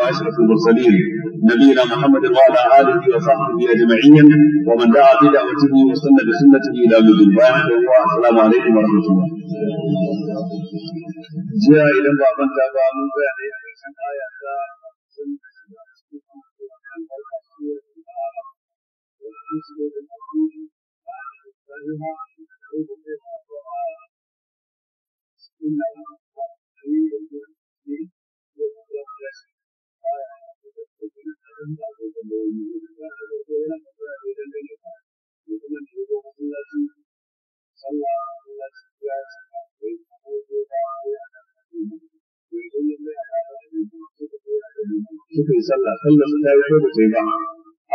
واشرف المرسلين نبينا محمد وعلى اله وصحبه اجمعين ومن دعا بدعوته واستنى بسنته الى يوم الدين والسلام عليكم ورحمه الله. جاء الى ما من تابع من بعد Thank you. suka sallah sallar su ta yi ko ba ta yi ba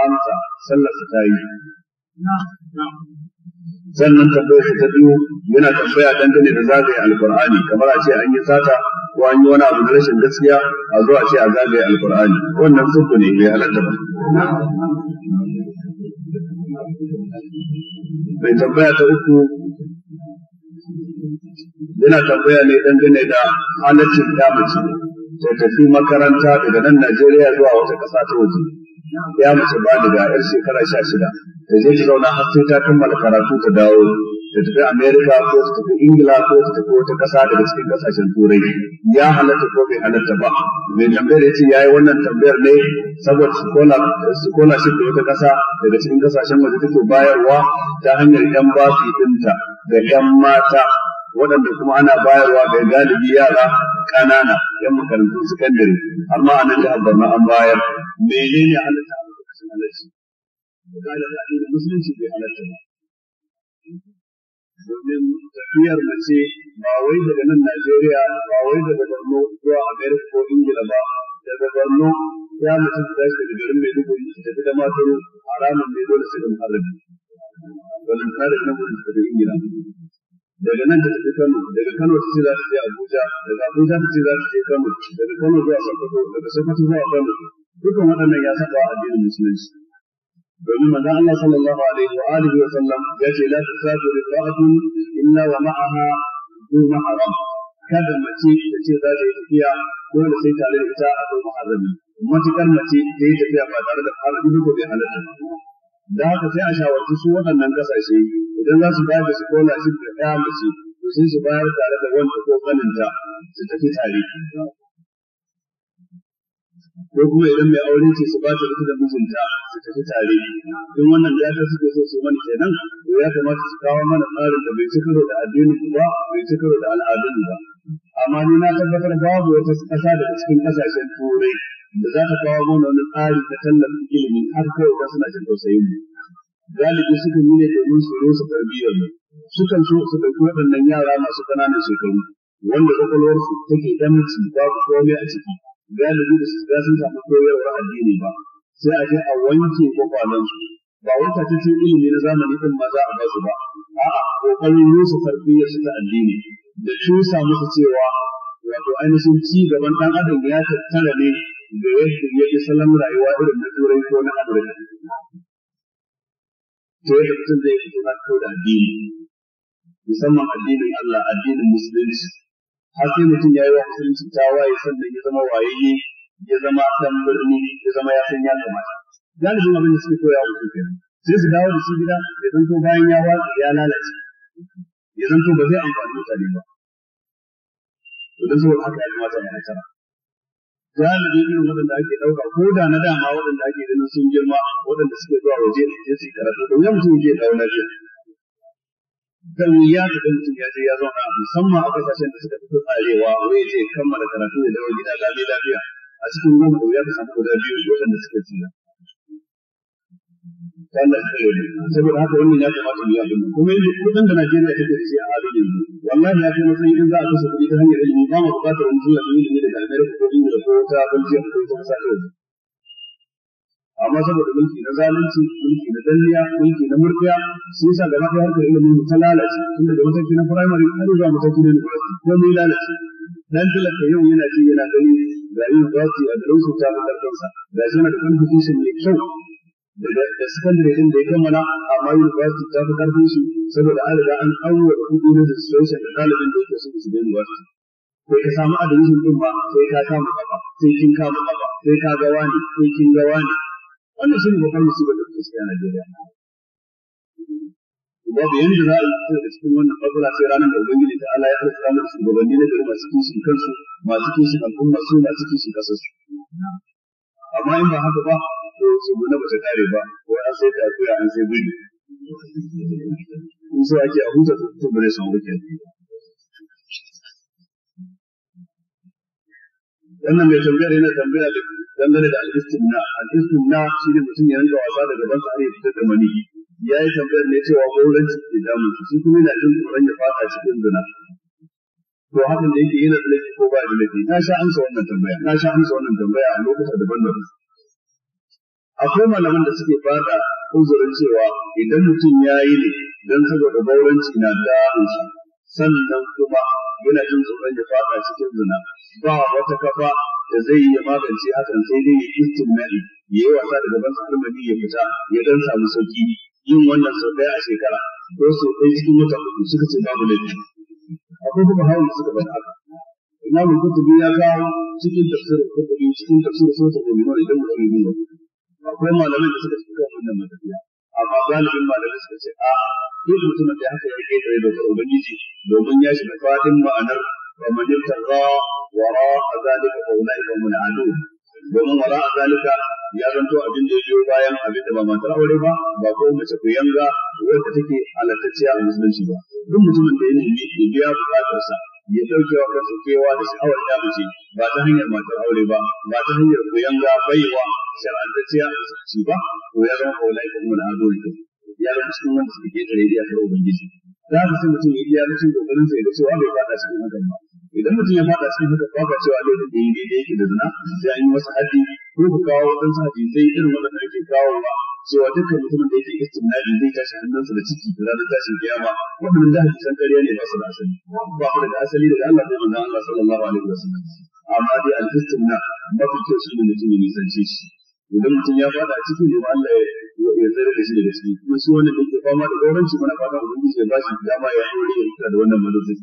amsa sallar su ta yi sannan tambayar ta biyu yana tambaya dangane da zagaye alkur'ani kamar a ce an yi sata ko an yi wani abu na rashin gaskiya a zuwa ce a zagaye alkur'ani wannan sunku ne bai halatta ba mai tambaya ta uku yana tambaya ne dangane da halaccin ta ta tafi makaranta daga nan Najeriya zuwa wata kasa ta waje ya mace ba da yar shekara sha shida ta zai ta zauna har sai ta kammala karatu ta dawo ta tafi Amerika ko ta tafi Ingila ko ta tafi wata ƙasa daga cikin ƙasashen Turai ya halatta ko bai halatta ba mai tambayar ya ce ya yi wannan tambayar ne saboda shi da wata ƙasa daga cikin ƙasashen waje take bayarwa ta hanyar 'yan basu ɗinta ga 'yan mata waɗanda kuma ana bayarwa ga galibi yara ƙanana yan makarantun sakandare har ma anan da abban an bayar menene halatta a lokacin halarci misalin da musulunci bai halatta ba domin tafiyar mace ba wai daga nan Najeriya ba wai daga Borno zuwa Amerika ko Ingila ba daga Borno ya mace ta tashi daga garin Maiduguri ta tafi da mataro haramun ne dole sai da muharrabi. Wannan tsarin na mutum da Ingila. daga nan da tafi Kano daga Kano ce za ta je Abuja daga Abuja ce za ta je Kano daga Kano zuwa Sokoto daga Sokoto zuwa Kano dukkan waɗannan ya saba addinin musulunci domin maza Allah sallallahu alaihi wa alihi wa sallam ya ce la tasafiru ba'dun illa wa ma'aha du mahram kada mace ta ce za ta yi tafiya dole sai tare da ita a kan muharrami matukar mace ta yi tafiya ba tare da harbi ko bai halatta da haka sai a shawarci su waɗannan ƙasashe idan za su bayar da scholarship da ɗaya mace to su bayar tare da wanda ko kaninta su tafi tare ko kuma idan mai aure ce su ba ta da mijinta su tafi tare don wannan da ta suke so su mana kenan to ya kamata su kawo mana tsarin da bai cikaro da addinin ba bai cikaro da al'adun ba amma ni na tabbatar babu wata ƙasa daga cikin kasashen turai da za ta kawo mana wani tsari ta tallafin ilimi har kawai ba suna jin tausayin mu galibi suka yi ne domin su rusa tarbiyyar mu sukan so su ɗauki waɗannan yara masu ƙananan shekaru wanda kwakwalwarsu take ɗanci babu komai a ciki galibi da su sun samu koyarwar addini ba sai a je a wanke kwakwalansu ba wata ta ce ilimi na zamani din maza a basu ba a'a kokarin rusa tarbiyyar ya ta addini da shi cusa musu cewa wato ainihin ci gaban dan adam ya tattara ne da yadda ya fi salon rayuwa irin na turai ko na amurka to yadda mutum zai fito na da addini musamman addinin Allah addinin musulunci har sai mutum ya yi wa musulunci waye sannan ya zama wayayye ya zama dan birni ya zama ya san ya kamata galibin abin da suke koya wa mutum kenan sai su dawo da shi gida ya zanto bayan ya watsa ya lalace ya zanto ba zai amfani mutane ba to dan saboda haka ya kamata mu nasara galibi irin waɗanda ake ɗauka ko da na dama waɗanda ake ganin sun girma waɗanda suke zuwa waje sai su karatu don ya mutum ya dawo lafiya dan ya da dan mutum ya je ya zauna musamman a kasashen da suka fito arewa wai ce kammala karatu da dawo gida lami lafiya a cikin goma da ya ka samu guda biyu waɗanda suka tsira Allah ya kare saboda haka wannan ya kamata mu yafi kuma yanzu kudin da Najeriya ta ke da shi a halin yanzu wallahi ya fi matsayi idan za a kasa kuɗi ta hanyar ilimi ba mu buƙatar mu zuwa ilimi daga Amerika ko da ko ta kwanciyar, ko ta ƙasashen waje amma saboda mulki na zalunci mulki na danniya mulki na murtiya sun sa da ɗaya harkar ilimin mu ta lalace tun daga mataki na firamare har zuwa mataki na university ko mai lalace dan talaka yau yana ji yana gani ga university a garin su ta kansa ga shi yana da contribution mai kyau da secondary din da ya kammala amma university ta fi karfin shi saboda an riga an auwa kudi na situation da ɗalibin da yake so su ga university sai ka samu adadin din ba sai ka samu ba sai kin kama ba sai ka ga wani sai kin ga wani wannan shi ne su ba da ta na Najeriya babu yanzu za a fito da cikin wannan fadila sai ranar da ubangiji ta Allah ya halitta mana shugabanni na gari masu kishin kansu masu kishin al'umma su masu kishin kasar su amma in ba haka ba to su gona ba ta kare ba ko an sai ta koya an sai gudu in sai ake a huta ta kuma bare samu kenan wannan mai tambayar yana tambaya da dangane da al-istimna al-istimna mutum ya rinka wasa da gaban sa ya fitar da mani ya yi tambayar ne cewa gauran ke damun su su kuma yana jin tsoron ya fada cikin zina to hakan da yake yana da laifi ko ba da laifi na sha amsa wannan tambaya na sha amsa wannan tambaya a lokuta daban-daban akwai malaman da suke fada uzurin cewa idan mutum ya yi ne don saboda gauranci na damun shi sannan kuma yana jin tsoron ya fada cikin zina ba wata kafa da zai iya magance hakan sai dai ya istimali ya yi wasa da gaban sarmani ya fita ya dan samu sauki yin wannan sau daya a shekara ko sau ɗaya cikin wata uku suka ce babu laifi akwai kuma hawan suka bada haka mu kuta ya kawo cikin tafsirin kutubi cikin tafsirin sosai da idan mutum ya akwai malamai da suka fi kan wannan matafiya amma galibin malamai suka ce a duk mutumin da haka ya kai tsaye daga ubangiji domin ya shiga fadin ma'anar wa man yabtaqa wara zalika fa ulaika hum al-adun domin a zalika ya zanto abin da ya biyo bayan abin da ba matar aure ba ba ko mace ku yanga wadda take halartacciya a musulunci ba duk mutumin da ya nemi ya biya bukatarsa ya dauke wa kansa cewa da sha'awar ya mace ba ta hanyar matar aure ba ba ta hanyar koyan ga baiwa shar'antacciya a sarki ba ko ya zama kaulai ko mun hado ne ya zama cikin wanda suke tare da yakar ubangiji za ka san mutum ya yi mutum kokarin sa ya cewa bai fada cikin hakan ba idan mutum ya fada cikin hakan ba ka cewa dai ne yi da yake da zina sai an yi masa haddi ko ka kawo haddi sai irin wannan da ake kawo ba cewa dukkan mutumin da yake istimnali zai tashi hannunsa da ciki da ranar tashin kiyama wannan da san ƙarya ne ba su da asali ba su da asali da Allah ya manzon Allah sallallahu alaihi wasallam amma dai al ba mafi kyau shi ne mutum ya ce shi idan mutum ya fada cikin ne Allah ya tsare da shi daga ciki kuma shi wanda ba fama da gauranci mana fata ubangiji ya bashi dama ya yi wani ya da wannan madadin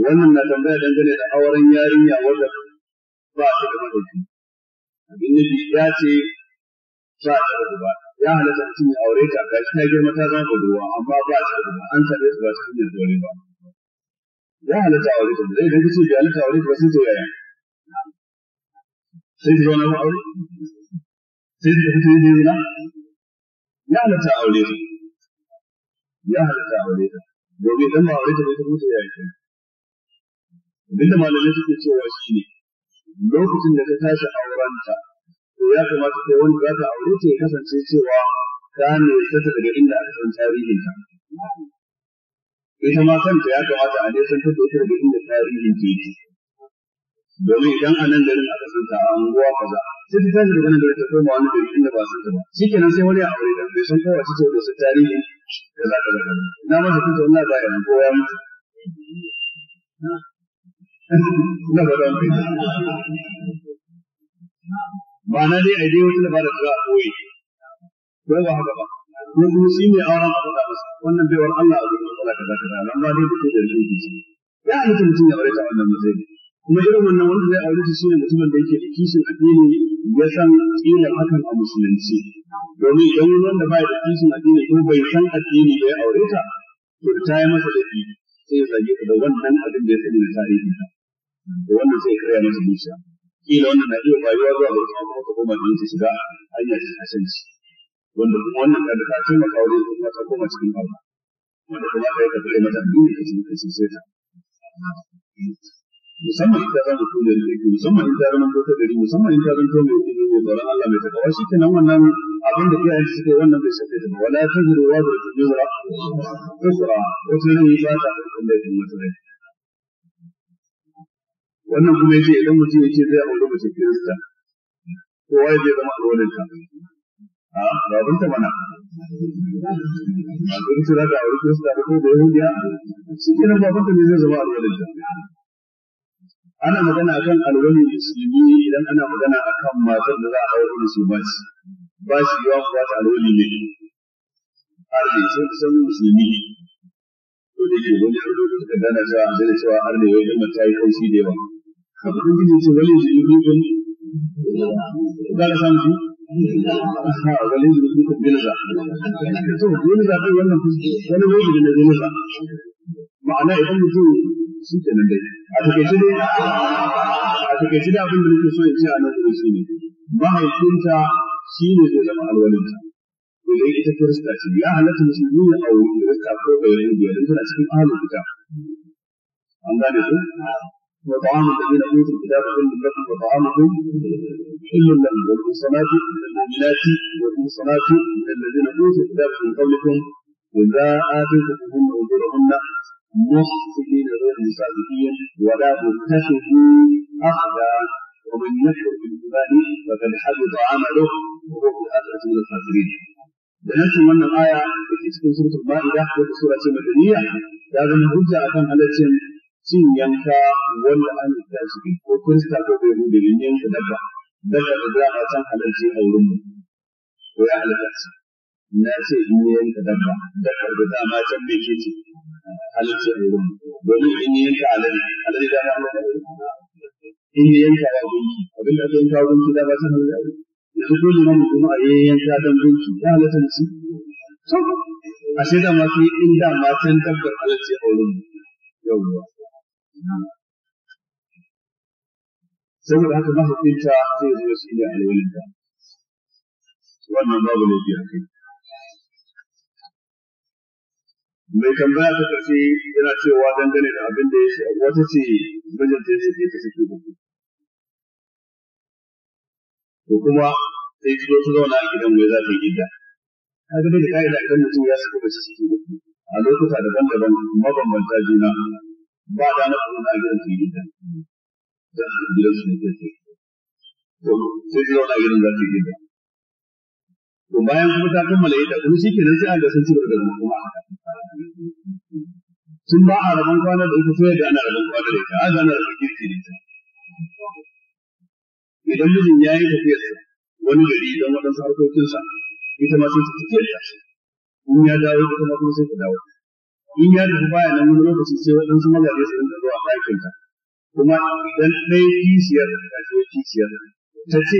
wannan na tambaya dangane da auren yarinya wanda ba shi da madadin abin nufi ya ce ba ta da ruwa ya halatta mutum ya aure ta ga shi ta girma ta zama da ruwa amma ba ta da ruwa an same su ba su da dole ba ya halatta aure ta zai dinga ce ya halatta aure ta sai to yaya sai ta zauna aure sai ta fito ne na ya halatta aure ta ya halatta aure ta Gobe dan ba aure ta bai ta mutu ya yi abinda malamai suke cewa shi ne lokacin da ka tashi ta, to ya kamata ko wani za ta aure ta ya kasance cewa ta ne ta daga inda aka san tarihin ta ita ma kanta ya kamata a dai san ta da daga inda tarihin ta yake domin idan a nan garin aka san ta a unguwa za. sai ta tashi daga nan garin ta koma wani garin inda ba san ta ba kenan sai wani aure da bai san kowa ta ce da su tarihin kaza kaza na masa kuma wannan bayanin ya ko ya mutu ba zan fahimta ba na dai a dai wata dabara da za a koyi ko ba haka ba ko kuma shi ne auren abu da masa wannan baiwar Allah a zuwa Allah kaza kaza nan ba dai kuke da shi ya halitta mutum ya aure ta wannan matsayin kuma irin wannan wanda zai aure shi ne mutumin da yake da kishin addini ya san tsirin hakan a musulunci domin idan wanda ba da kishin addini ko bai san addini ya aure ta to ta yi masa laifi sai ya zage ta da wannan abin da ya sani na tarihi da wannan sai kare masa zuciya kila wannan na iya faruwa zuwa ga wasu kuma ka koma don su shiga hanya ta kasance wanda kuma wannan kada ka taimaka wajen kuma ta koma cikin aure wanda kuma yi ka kare mata duk da cikin kasin sai ta musamman ita zama ko da rike musamman ita zama ko ta gari musamman ita zama ko mai ilimi mai tsoron Allah mai takawa shi kenan wannan abin da iyayen su ke wannan bai sake ta wala tajiru wa da tujura ukhra wata ne ba ta da kuma da mutum wannan kuma yace idan mutum yace zai aure mace kirista kowa ya zai zama aure ta a ah, babun ta mana abin ta da aure kirista da ko da yahudiya shi kenan babun ta ne zai zama aure ta ana magana akan alwali musulmi idan ana magana akan matar da za a aure ba shi, ba shi yawa kuwa ta alwali ne har da shi san musulmi ko da yake wani aure da suka gana cewa an zai cewa har ne wani ta yi kaushi da yawa kun ji ce wani shi ne kun ga da san shi ha wani shi ne kun gina sa to wani da kai wannan kuske wani wani da ne gina sa ma'ana idan mutum shi ke nan dai a take shi dai a take shi da abin da nake so ya ce a nan kuma shi ne mahaifinta shi ne zai zama alwalinta domin ita kirista ce ya halatta musulmi ya auri kirista ko bayan biyar tana cikin ahalin kitab an gane ku. وطعام الذين اوتوا الكتاب حل لكم وطعامكم حل لكم والمحصنات المؤمنات والمحصنات من الذين اوتوا الكتاب من قبلكم اذا اتيتكم اجورهن محسنين غير مصادقين ولا تتخذوا اخذا ومن يكفر بالكتاب فقد حبط عمله وهو في الاخره من الخاسرين da من الايه التي تكون سوره cikin suratul المدنيه ko sura ce madaniya cin yanka wani an da shi ko kirista ko ko da yin yanka dabba daga da za a can halarci a wurin mu ko ya halarci na ce in ne yanka dabba dabba da dama can bai ke ce halarci a wurin mu domin in ne yanka alari alari da ma in ne yanka ya gunki abin da yanka gunki da ba san halarci yanzu dole ne mutum a yanka da gunki ya halarci da shi ashe da ma sai in da ma can dabbar halarci a wurin mu yawwa saboda haka mahaifinta zai zo su iya alwalinta wannan babu laifi a kai mai tambaya ta karshe yana cewa dangane da abin da ya shi wata ce mijinta ya shige ta suke da ko kuma sai ta zo ta zauna a gidan mai za ta yi gida ta ga da ka'ida kan mutum ya suke mace shi da a lokuta daban-daban mabambanta juna ba da na kuma na gidan sun yi ta da na gidan sun yi ta ce to sai ta zauna gidan za ta yi ta to bayan kuma ta kammala ita kuma shi ke kenan sai a ga sun cigaba da zama kuma sun ba a rabon kwana da ita sai da ana rabon kwana da ita a ga ana rabon kirki da ita idan mijin ya yi tafiyarsa wani gari don waɗansu harkokinsa ita ma sai ta tafiya in ya dawo ita ma kuma sai ta dawo in ya rufe baya nan wani lokaci sai waɗansu mazaje su da zuwa ɗakin ka kuma idan ɗaya kishiyar ta ce kishiyar ta ce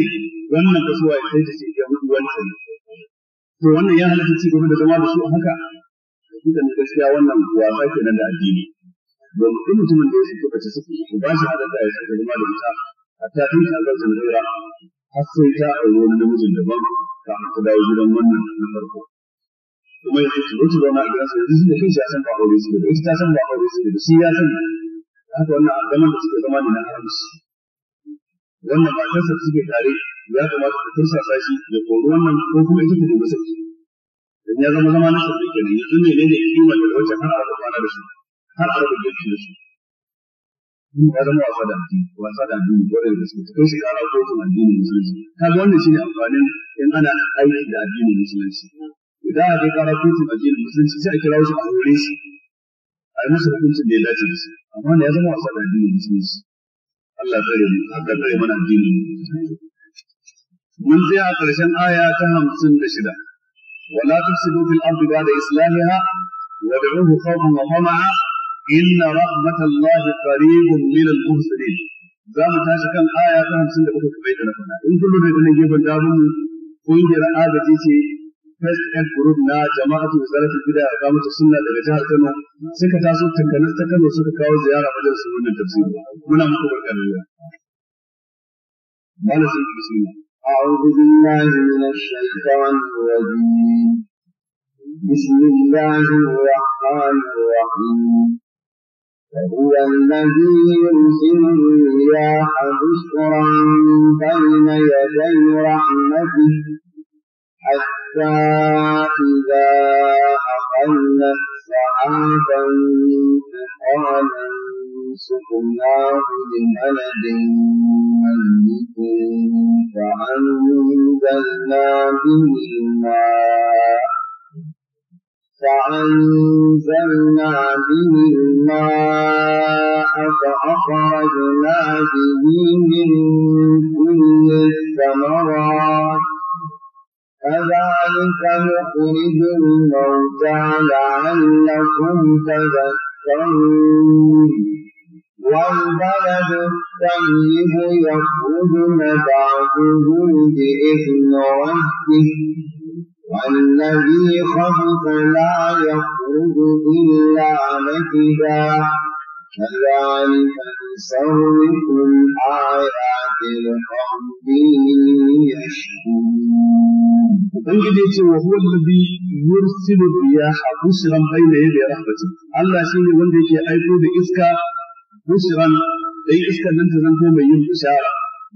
wannan ba suwa sai ta ce ya mutu wancan to wannan ya halatta ci gaba da zama da su a haka hakikan gaskiya wannan wasa kenan da addini don duk mutumin da ya kuka ci sake to ba shi da ya sake zama da ita hatta in ta ga zanzura har sai ta aure wani namijin daban kafin ta dawo gidan wannan na farko kuma ya ce, turo zauna a gidansa yanzu suna da ya san ba aure su da ita ta san ba aure su da shi ya san haka wannan zaman da suke zama da na haramci wannan matarsa da suke tare ya kamata ta tursasa shi ya kori wannan ko kuma ita ta dubi sarki dan ya zama zama na sarki kenan yanzu ne ne ne kima da wacce har a kwana da shi har a rubuta shi da shi in ya zama wasa da addini wasa da addini ko da gaske ta kai shi kara kotun addinin musulunci kaga wannan shine amfanin in ana aiki da addinin musulunci idan a kai kara kotun addinin musulunci sai a kira wasu a hore shi a yi musu hukuncin da ya dace da su amma ne ya zama wasa da addinin musulunci Allah tsare mu haka tsare mana addinin mun tsaya a ƙarshen aya ta hamsin da shida ولا تفسدوا في الأرض بعد إصلاحها وادعوه خوفا وطمعا إن رحمة الله قريب من المحسنين za mu tashi kan aya ta hamsin da uku kamar yadda na faɗa in kullum da ganin gefen damu kungiyar agaji ce president group na jama'atu wasarati bid'a ga mata sunna daga jihar Kano suka taso tankanas ta Kano suka kawo ziyara wajen su wannan tafsiri muna muku barka da mana sun bismillah أعوذ بالله من الشيطان الرجيم بسم الله الرحمن الرحيم وهو الذي يرسل الرياح بشرا بين يدي رحمته حتى إذا أقلنا سحابا فقال سقناه لبلد ملك فأنزلنا به الماء فأنزلنا به الماء فأخرجنا به من كل الثمرات كذلك نخرج الموتى لعلكم تذكرون والبلد الطيب يخرج نبعته بإذن ربه والذي خبث لا يخرج إلا نكدا كذلك نسويكم آيات لقوم يشكرون Ubangiji ce wa huwa alladhi yursilu riyaha busran bayna yaday rahmatih Allah shine wanda yake aiko da iska busran dai iskan nan ta zanto mai yin bishara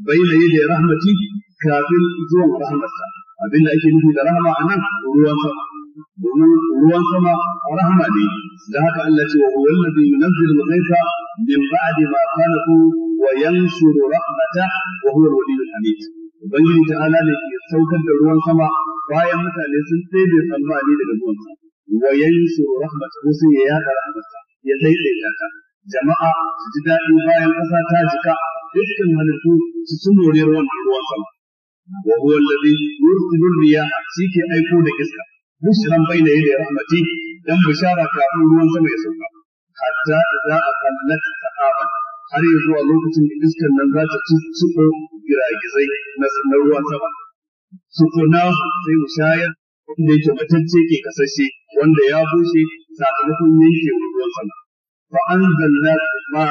bayna yaday rahmatih kafin zuwan rahmatsa abinda ake nufi da rahama anan ruwan sama domin ruwan sama rahama ne da haka Allah ce wa huwa alladhi yunzilu al-ghaytha min ba'di ma qanatu wa yansuru rahmata wa huwa al al hamid ubangiji ta'ala ne ke saukar da ruwan sama bayan mutane sun tsaye tsammani daga ruwan sama wa yansuru ko sai ya yada rahmata ya daidaita ta jama'a su ji daɗi bayan ƙasa ta jika dukkan halittu su sun more ruwan sama wa huwa alladhi yursilu al-riyah shi ke aiko da iska bai ya yaday rahmati dan bishara kafin ruwan sama ya sauka hatta idza aqallat sahaba har ya zuwa lokacin da iskar nan za ta tsuko giragizai na ruwan sama suko na sai mu shaya wanda yake matacce ke kasashe wanda ya bushe sakamakon yanke ruwan sama fa zalla ma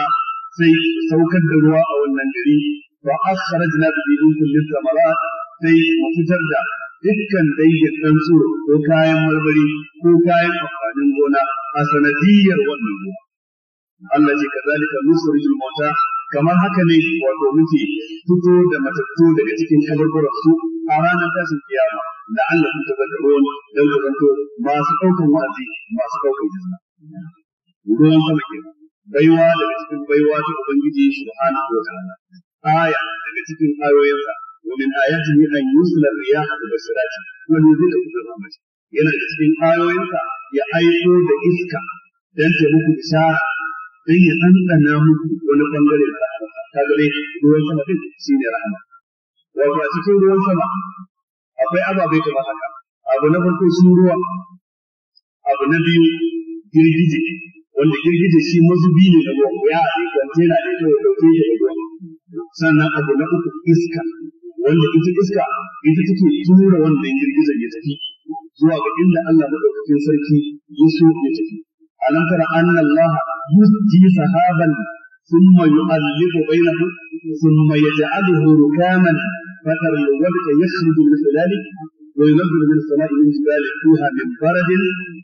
sai saukar da ruwa a wannan gari fa akhrajna bi min lil thamarat sai mu fitar da dukkan dangin ɗan tsoro ko kayan marmari ko kayan amfanin gona a sanadiyar wannan ruwa. Allah ce kazalika nusurijul mauta kamar haka ne wato muke fito da matattu daga cikin kabarbaran su a ranar tashin kiyama da Allah ta ruwan don ka zanto masu ɗaukan wa'azi masu ɗaukan jizna. Ruwan sama ke baiwa daga cikin baiwa ta Ubangiji subhanahu wa ta'ala. Aya daga cikin ayoyinsa ومن آياته أن يرسل الرياح مبشرات ويذيقكم من رحمته yana da cikin ƙayoyin ka ya aiko da iska don ta muku bishara don ya ɗanɗana muku wani ɓangare da ta gare ruwan sama din shi ne rahama wato a cikin ruwan sama akwai ababai kamar haka abu na farko shi ruwa abu na biyu girgije wanda girgije shi mazubi ne da ruwa ya a ne kwantena ne kawai ɗauke shi da ruwa sannan abu na uku iska wanda ita iska ita take tura wannan girgizar ya tafi zuwa ga inda Allah madaukakin sarki ya so ya tafi alam tara anna Allah yusji sahaban ثم يؤلف بينه ثم يجعله ركاما فترى الودك يخرج من خلاله وينزل من السماء من جبال فيها من برد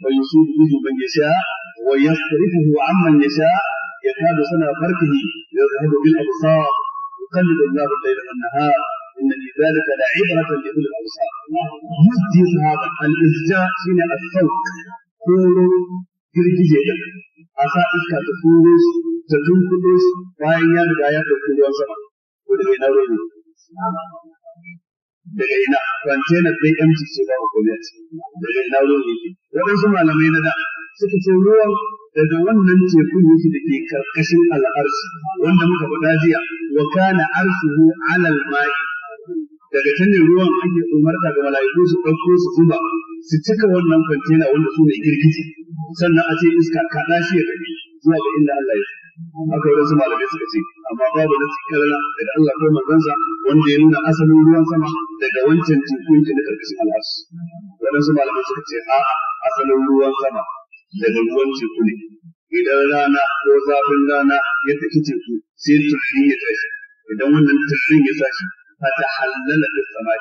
ويصيب به من يشاء ويصرفه عمن يشاء يكاد سنا فرقه يذهب بالابصار يقلب الله الليل والنهار إن في ذلك لعبرة لأولي الأبصار يسجي هذا الإسجاء من الصوت كورو girgije din a sa iska ta turo su ta tunkuɗo su bayan ya ya ruwan sama ko daga ina ina kwantenar dai yanci ce ba gwamnati daga ina ruwan yake waɗansu malamai na da suka ce ruwan daga wannan teku yake da ke karkashin al'arshi wanda muka faɗa jiya wa kana arshuhu alal ma'i daga can ne ruwan ake umarta ga mala'iku su ɗauko su zuba su cika wannan kwantena wanda su ne girgije sannan a ce iska kaɗa shi ya tafi zuwa ga inda Allah ya haka wurin su malamai suka ce amma babu na cikin rana daga Allah ko manzansa wanda ya nuna asalin ruwan sama daga wancan teku yake da karkashin al'arsu wurin su malamai suka ce a asalin ruwan sama daga ruwan teku ne idan rana ko zafin rana ya tafi teku sai turfi ya tashi idan wannan turfin ya tashi فتحلل بالسماء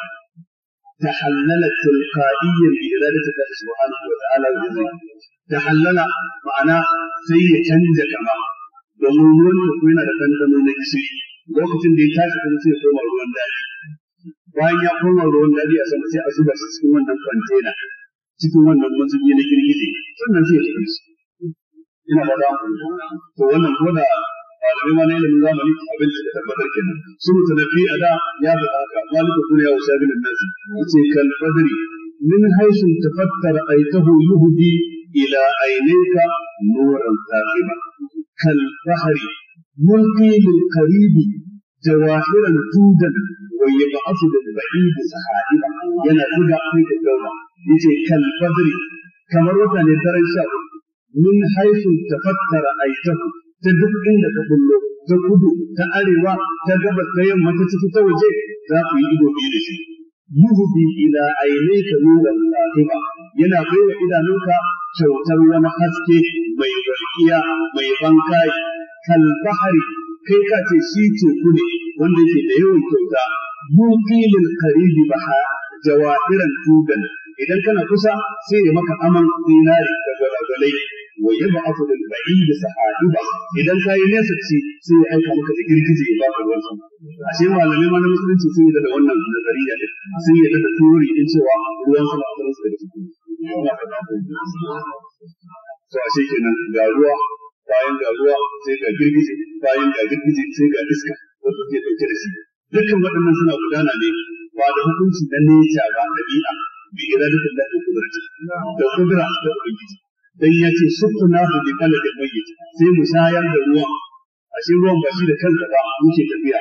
تحلل تلقائيا بإرادة سبحانه وتعالى وجزاه تحلل معنا سي تنجا كما domin ruwan teku yana da ɗanɗano na gishiri lokacin da ya tashi kuma sai ya koma ruwan daji bayan ya koma ruwan daji a sama sai a zuba shi cikin wannan kwantena cikin wannan mazubi na girgije sannan sai ya tafi su. ina ba da to wannan ko da malamai ma na ilimin zamani abin da tabbatar kenan su mutanafi a da ya faɗa haka zalika kuma ya wasa bin nasi yace kal badri min haythu tafattar aytahu yuhdi ila aynayka nuran taqiba kal bahri yulqi bil qaribi jawahiran tudan wa yab'athu bil ba'id sahaiba yana tuga kai da dauma yace kal badri kamar wata ne daren sha min haythu tafattara aytahu ta duk inda ka kullo ta kudu ta arewa ta gabas ta yamma ta ciki ta waje za ku yi ido biyu da shi yuhdi ila aynayka nuran aqiba yana baiwa idanunka kyautar wani haske mai walƙiya mai bankai kal bahari kai ka ce shi teku ne wanda yake da yawan kyauta yuqilil karibi baha jawahiran tudan idan kana kusa sai ya maka aman dinari da gwalagwalai wa yab'athu lil ba'id ba idan kai nesa ci sai ya aika maka da girgize ya baka ruwan sama a ce malamai ma na musulunci sun yi da wannan nazariya din sun yi da turi din cewa ruwan sama a tsarin sarki to a ce kenan ga ruwa bayan ga ruwa sai ga girgize bayan ga girgize sai ga iska wato ke dauke da shi dukkan waɗannan suna gudana ne ba da hukunci na nature ba ɗabi'a bi iradatin da kudurci da kudura da ubangiji dan ya ce sukku na hu bi qalbin mayyit sai mu shayar da ruwan ashe ruwan ba shi da kanta ba ce tafiya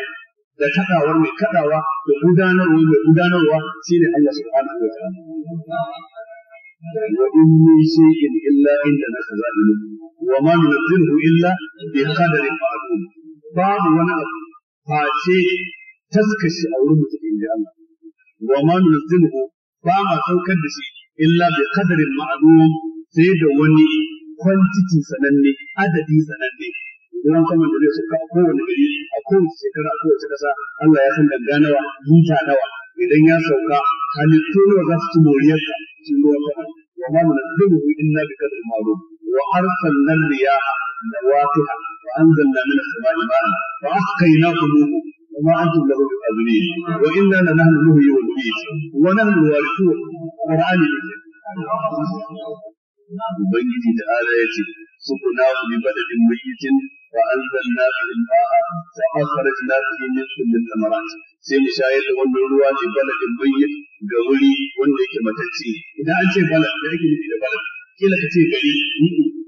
da kadawar mai kadawa da gudanarwa mai gudanarwa shine Allah subhanahu wa ta'ala وإن من شيء إلا عندنا خزائنه وما ننزله إلا بقدر معلوم باب ونأب فاشي تسكش أولم ba ma وما da shi illa إلا بقدر معلوم sai da wani kwantiti sananne adadi sananne ruwan saman da zai sauka a kowane gari a kowace shekara a kowace ƙasa Allah ya san ganga nawa mita nawa idan ya sauka halittu nawa za su ci ka cikin ruwan sama wa ma mun nazilu inna bi qadri ma'lum wa arsalna riyaha nawaqiha wa anzalna min as-sama'i ma'an wa asqaynahum وما أنتم له بقادرين وإنا لنحن نهي ونميت ونحن الوارثون قرآن ubangiji da ala ya ce sukuna ku bi badadin mayyitin wa anzalna fil ma'a fa akhrajna bihi min kulli thamarat sai mu shayar da wannan ruwa ne baladin mayyit ga wuri wanda yake matacce idan an ce balad da ake nufi da balad kila ka ce gari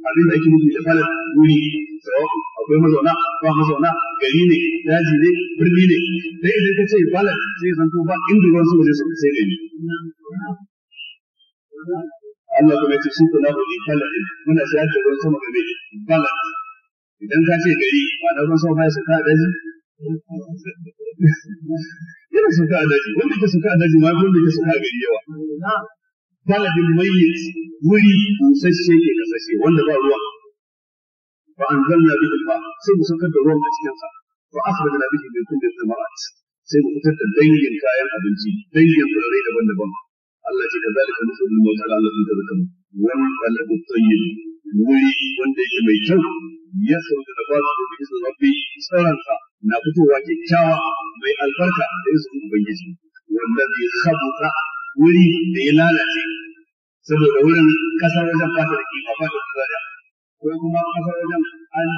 abin da ake nufi da balad wuri sau akwai mazauna ba mazauna gari ne daji ne birni ne dai idan ka ce balad sai zanto ba inda ruwan su ne su sai gari Allah kuma ya ce sun kula da kalalin muna shayar da ruwan sama game balance idan ka ce gari ba na ruwan sama ya sauka a daji yana sauka a daji wanda ke sauka a daji ma wanda ke sauka a gari yawa balance mayyit wuri busasshe ke kasashe wanda ba ruwa fa anzalna bihi ba sai mu saukar da ruwan a cikin sa fa akhrajna bihi min kulli thamarat sai mu fitar da dangin kayan abinci dangin tsirrai daban-daban Allah ce da nusallu wa Allah alaihi wa sallam Wani baladu tsayin wuri wanda yake mai kyau ya sauka da bazu da kisan rabbi tsaransa na fitowa kyakkyawa mai albarka da yasu ubangiji wanda zai sabuka wuri da ya lalace saboda wurin kasar wajen fata da kima fata da tsada ko kuma kasar wajen an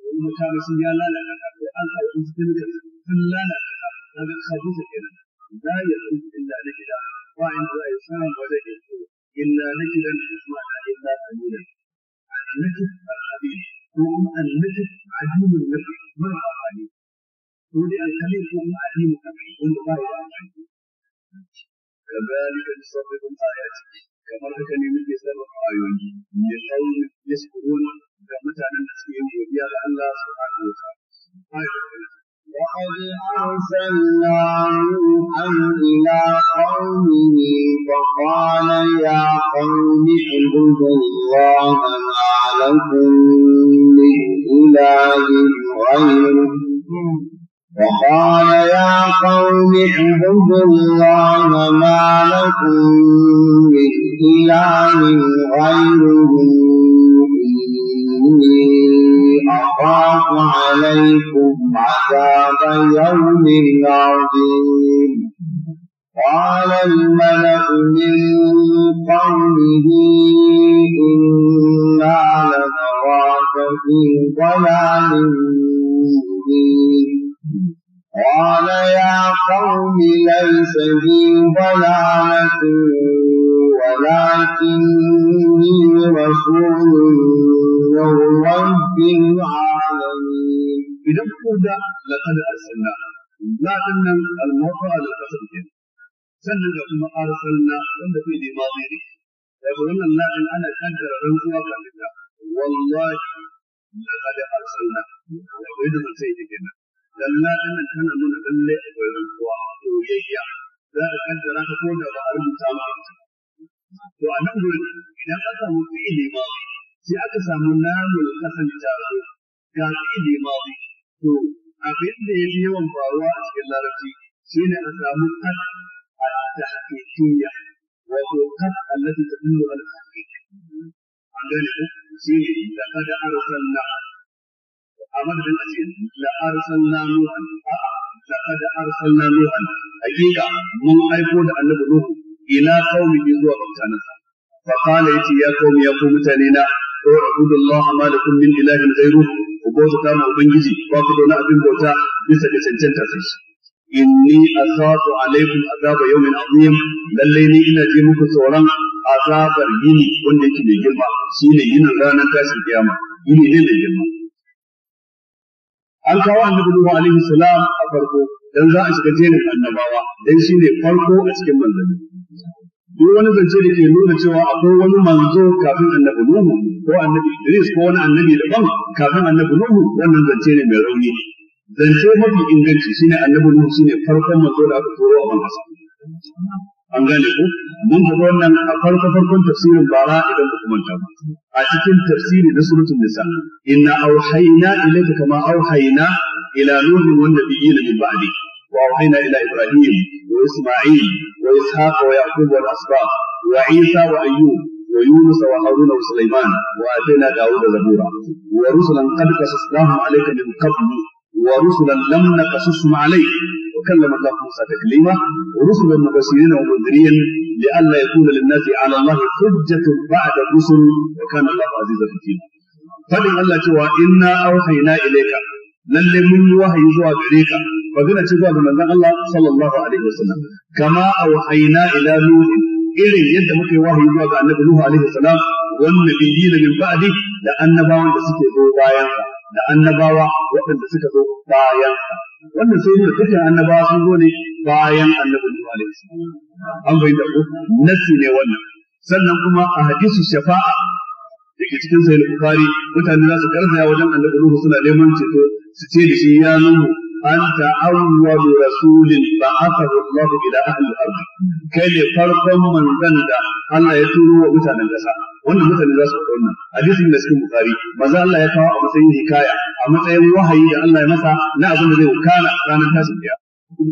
wani mutane sun ya lalata ko an sa da sun lalata ta daga sabuka kenan ya yasbu illa da gida وعن الله إسلام وزيد الحور إلا نجدا عثمان إلا أمولا النجد الخبيث هو ان النجد عجيب النبي مرعى علي قول الخبيث هو عجيب النبي ومرعى علي كذلك نصدق الآيات كما ذكر النبي صلى الله عليه يسكرون كما كان الناس يوم يقول يا الله سبحانه وتعالى وقد أرسلنا نوحا إلى قومه فقال يا قوم اعبدوا الله ما لكم من إله غيره وقال يا قوم اعبدوا الله ما لكم من إله غيره إني أضاف عليكم عذاب يوم عظيم قال الملأ من قومه إنا لنراك في ضلال مبين قال يا قوم ليس بي ضلالة ولكني رسول من رب العالمين إذا كنت لقد أرسلنا لا أن المرأة لقصد كده sannan da kuma arsalna wanda fi ne maziri daga wannan la'in ana kaddara rantsuwa kafin ta wallahi laqad arsalna daga yadda mun sai yake nan dan la'in nan tana nuna lalle akwai rantsuwa soyayya za a da to a nan gurin idan aka samu fi'ili ma sai aka samu namul kasancewa ga fi'ili ma to abin da ya fi yawan faruwa a cikin larabci shi ne a samu kan a tahqiqiyya wato kan allati ta ala tahqiq an ne ku shi ne da kada arsalna a madadin a ce la arsalna nuhan a'a da kada arsalna nuhan hakika mun aiko da annabi nuhu ila qaumi zuwa mutanen فقال يتي يا قوم يا قوم تانينا اعبدوا الله ما لكم من اله غيره وبوتا ما ubangiji ba ku dona abin bauta bisa ga cancanta sai shi inni akhafu alaikum azaba yawmin azim lallai ni ina ji muku tsoron azabar gini wanda yake mai girma shine yinin ranar tashin kiyama yini ne mai an kawo annabi Nuhu alaihi salam a farko dan za a shiga jerin annabawa dan shine farko a cikin manzanni duk wani zance da ke nuna cewa akwai wani manzo kafin annabi Nuhu ko annabi Idris ko wani annabi daban kafin annabi Nuhu wannan zance ne mai rauni zance mafi inganci shine annabi Nuhu shine farkon manzo da aka turo a banka an gane ku mun ga wannan a farko farkon tafsirin bara idan ku manta a cikin tafsiri na suratul nisa inna awhayna ilayka kama awhayna ila nuhin wan nabiyina min ba'di وأوحينا إلى إبراهيم وإسماعيل وإسحاق ويعقوب والأسباط وعيسى وأيوب ويونس وهارون وسليمان وآتينا داود زبورا ورسلا قد قصصناهم عليك من قبل ورسلا لم نقصصهم عليك وكلم الله موسى تكليما رسلا مبشرين ومنذرين لئلا يكون للناس على الله حجة بعد الرسل وكان الله عزيزا حكيما فلن الله إنا أوحينا إليك للي من وحي زوى بريكا magana ce zuwa ga manzon Allah sallallahu alaihi wasallam kama awhayna ila nuh irin yadda muka yi wahayi zuwa ga annabi nuh alaihi salam wan nabiyina min ba'di da annabawan da suke zo bayan da annabawa waɗanda suka zo bayan wannan sai ne dukkan annabawa sun zo ne bayan annabi nuh alaihi salam an bayyana ko nasi ne wannan sannan kuma a hadisu shafa'a da cikin sahih bukhari mutane za su karzaya wajen annabi nuh suna neman ceto su ce da shi ya nuhu أنت أول رسول بعثه الله إلى Kai الأرض كي يفرقم da ذنب الله يتولوا مثلا النساء wannan mutane za su kawo nan hadisin da suke bukari maza ya kawo a matsayin hikaya a matsayin wahayi da Allah ya masa na abin da zai wakana ranar tasu biya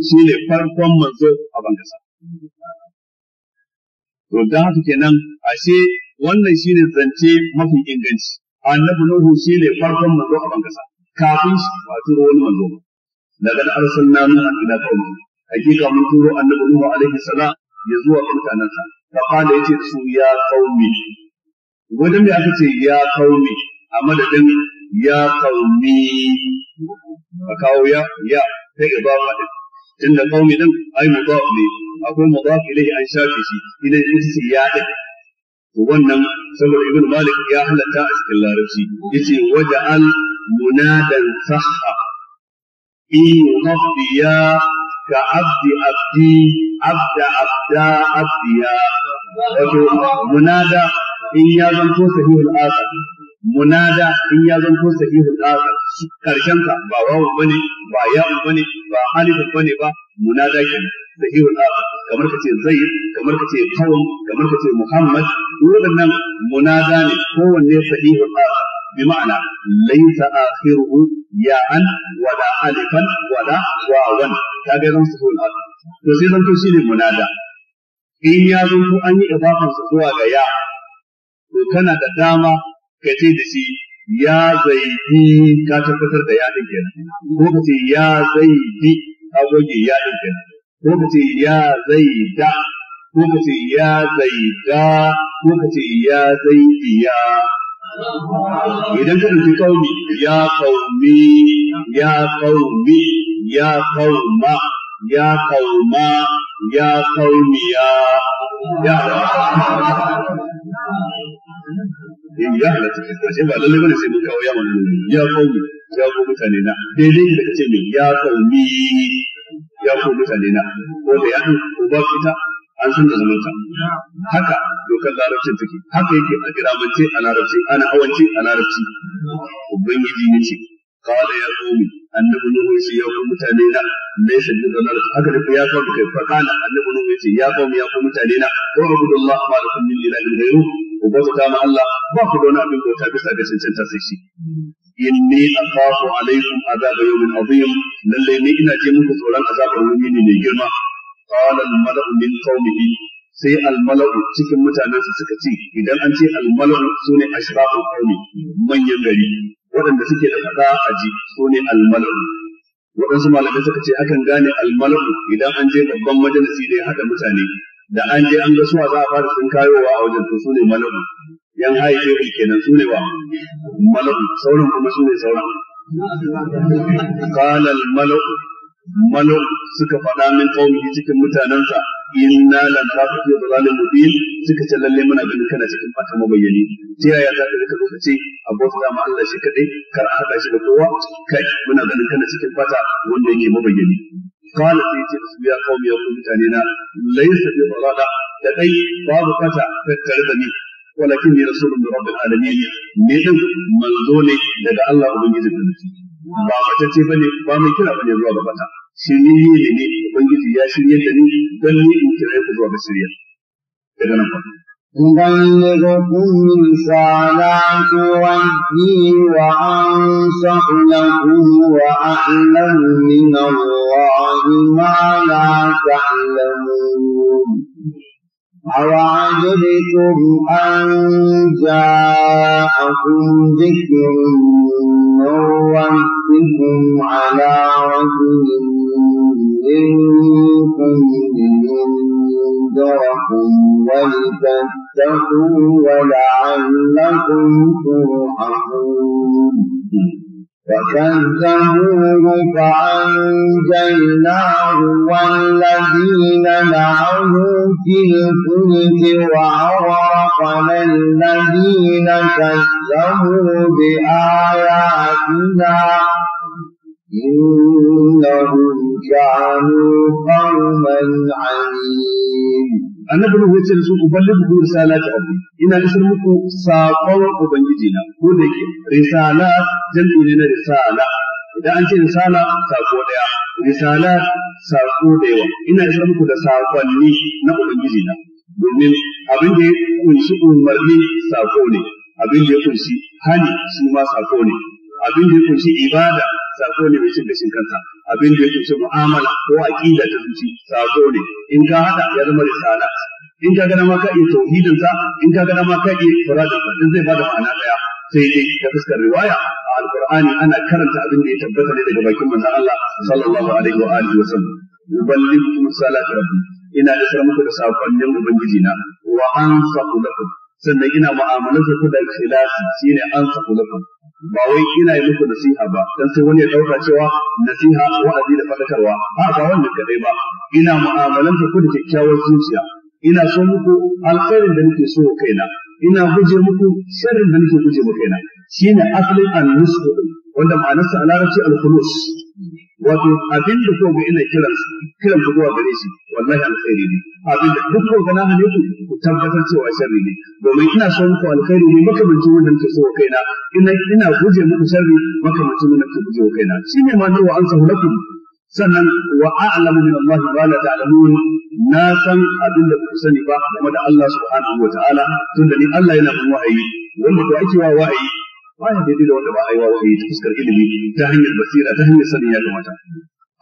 shi ne farkon manzo a bangasa to don haka kenan ashe wannan shi ne zance mafi inganci annabi nuhu shi ne farkon manzo a bangasa kafin shi wato wani manzo ba لقد أرسلنا نوحا إلى قومه حقيقة من تورو النبي نوح عليه السلام يزوى كنتانسا فقال يتي يا قومي ولم يأتي يا قومي أما لدن يا قومي فكاو يا يا في إضافة إن قومي دم أي مضاف لي أقول مضاف إليه أن شافي شيء إلى السيادة wannan saboda ibn malik ya halatta a cikin larabci yace waja'al munadan sahha إن أبديا كعبد أبدي عبد أبدا أبديا منادى إن يظن صحيح الآخر munada in ya zanto sahihul akhir karshen ka ba wawu bane ba ya'u bane ba alifun ba munada ke sahihul akhir kamar kace zaid kamar kace qawm kamar kace muhammad wadannan munada ne kowanne sahihul akhir بمعنى ليس آخره ياء ولا ألفا ولا واوا كذا يزن سكون الأرض وسيزن تشير منادى إن يزن أن إضافة سكوى ياء وكان قدامة كتيد سي يا زيدي كاتبتر da ya ɗin kenan ko ka ce ya zaidi ka goge ya ɗin kenan ko ka ce ya zaida ko ka ce ya zaida ko ka ce ya zaidiya idan ka ɗauki ya kaumi ya kaumi ya kauma ya kauma ya kaumiya ya eh, ya halatta ba lallai bane sai mun kawo ya wani ya ya ko mutane na daidai da kace mai ya kaumi ya ko mutane na ko da ya ko ba fita an san da zumunta haka dokar larabcin take haka yake a giramance a larabci ana awance a larabci ubangiji ya ce kawai ya komi annabi nuhu ya ce ya ku mutane na laisa bi dalalati haka da ya kawo kai fa kana annabi nuhu ya ce ya kawo ya ku mutane na wa abudullah ma lakum min ilahin ghayru ku bauta ma Allah ba ku da wani abin bauta bisa ga cancanta sai shi inni akhafu alaikum azaba yawmin azim lalle ni ina ce muku tsoron azabar wani ne mai girma قال الملأ من قومه سي sai al-mala'u cikin mutanen su suka ce idan an ce al-mala'u sune ashrafu qaumi manyan gari waɗanda suke da fada a ji sune al-mala'u waɗansu malamai suka ce akan gane al-mala'u idan an je babban majalisi da haɗa mutane da an je an ga suwa za a fara sun kayowa a wajen to sune mala'u yan haye ke kenan sune ba mala'u sauran kuma sune sauran قال الملأ malau suka faɗa min qaumihi cikin mutanensa inna lan taqa da dhalalin mubin suka ce lalle muna ganin kana cikin fata mabayyani ta yaya za ka rika lokaci abota ma Allah shi kaɗai, kar a haɗa shi da kowa kai muna ganin kana cikin fata wanda yake mabayyani قال سيدي يا قوم يا قوم تانينا ليس بضلالة لدي باب فتى تتردني ولكني رسول من رب العالمين نعم منزولي لدى الله ومن يزيد ba matacce ba ne ba mai kira ba ne zuwa ga bata shirye ne ne ubangiji ya shirye da ni don ni in kira ku zuwa ga shirye daga nan kuma أبلغكم رسالات ربي وأنصح لكم وأعلم من الله ما لا تعلمون أوعجبتم أن جاءكم ذكر من ربكم على رجل منكم لينذركم ولتتقوا ولعلكم ترحمون فكذبوه فأنجيناه والذين معه في الفلك وأغرقنا الذين كذبوا بآياتنا إنهم كانوا قوما عنيد annabi Nuhu yace da su ku balle ku risala ta abu ina isar muku sakon ubangiji na ko da yake risala jami'i ne na risala idan an ce risala sako daya risala sako da yawa ina isar muku da sakonni na ubangiji na domin abin da ya kunshi umarni sako ne abin da ya kunshi hani su ma sako ne abin da ya kunshi ibada sako ne mai cin gashin kanta, abin da yake ce mu'amala ko aqida ta zuci sako ne in ka hada ya zama risala in ka ga ma ka iya tauhidin sa in ka ga ma ka iya faradin sa din zai bada ma'ana daya sai dai ta fuskar riwaya a alqur'ani ana karanta abin da ya tabbata ne daga bakin manzon Allah sallallahu alaihi wa alihi wa sallam uballighukum salata rabbi ina da sarar muku da sakonnin ubangiji na wa ansaku lakum sannan ina mu'amalar ku da ikhlasi shine ansaku lakum ba wai ina yi muku nasiha ba dan sai wani ya dauka cewa nasiha wa'azi da fadakarwa ba ba wannan kadai ba ina mu'amalan ku da kyakkyawar zuciya ina so muku alkhairin da nake so kaina ina guje muku sharrin da nake guje muku kaina shine asalin an-nusr wanda ma'anarsa a larabci al-khulus wato abin da ina kiran kiran ku zuwa gare shi wallahi alkhairi ne abin da duk ko gana hane ku ku tabbatar cewa sharri ne domin ina so muku alkhairi ne makamancin wannan ke so kaina ina ina guje muku sharri makamancin wannan ke guje kaina ne ma ne wa ansahu lakum sannan wa a'lamu min Allah ma la ta'lamun na san abin da ku sani ba game da Allah subhanahu wa ta'ala tunda ni Allah yana mun wa'ayi wanda ko ake wa wa'ayi ba ya daidai da wanda ba a yi wa wahayi ta fuskar ilimi ta hanyar basira ta hanyar sanin ya kamata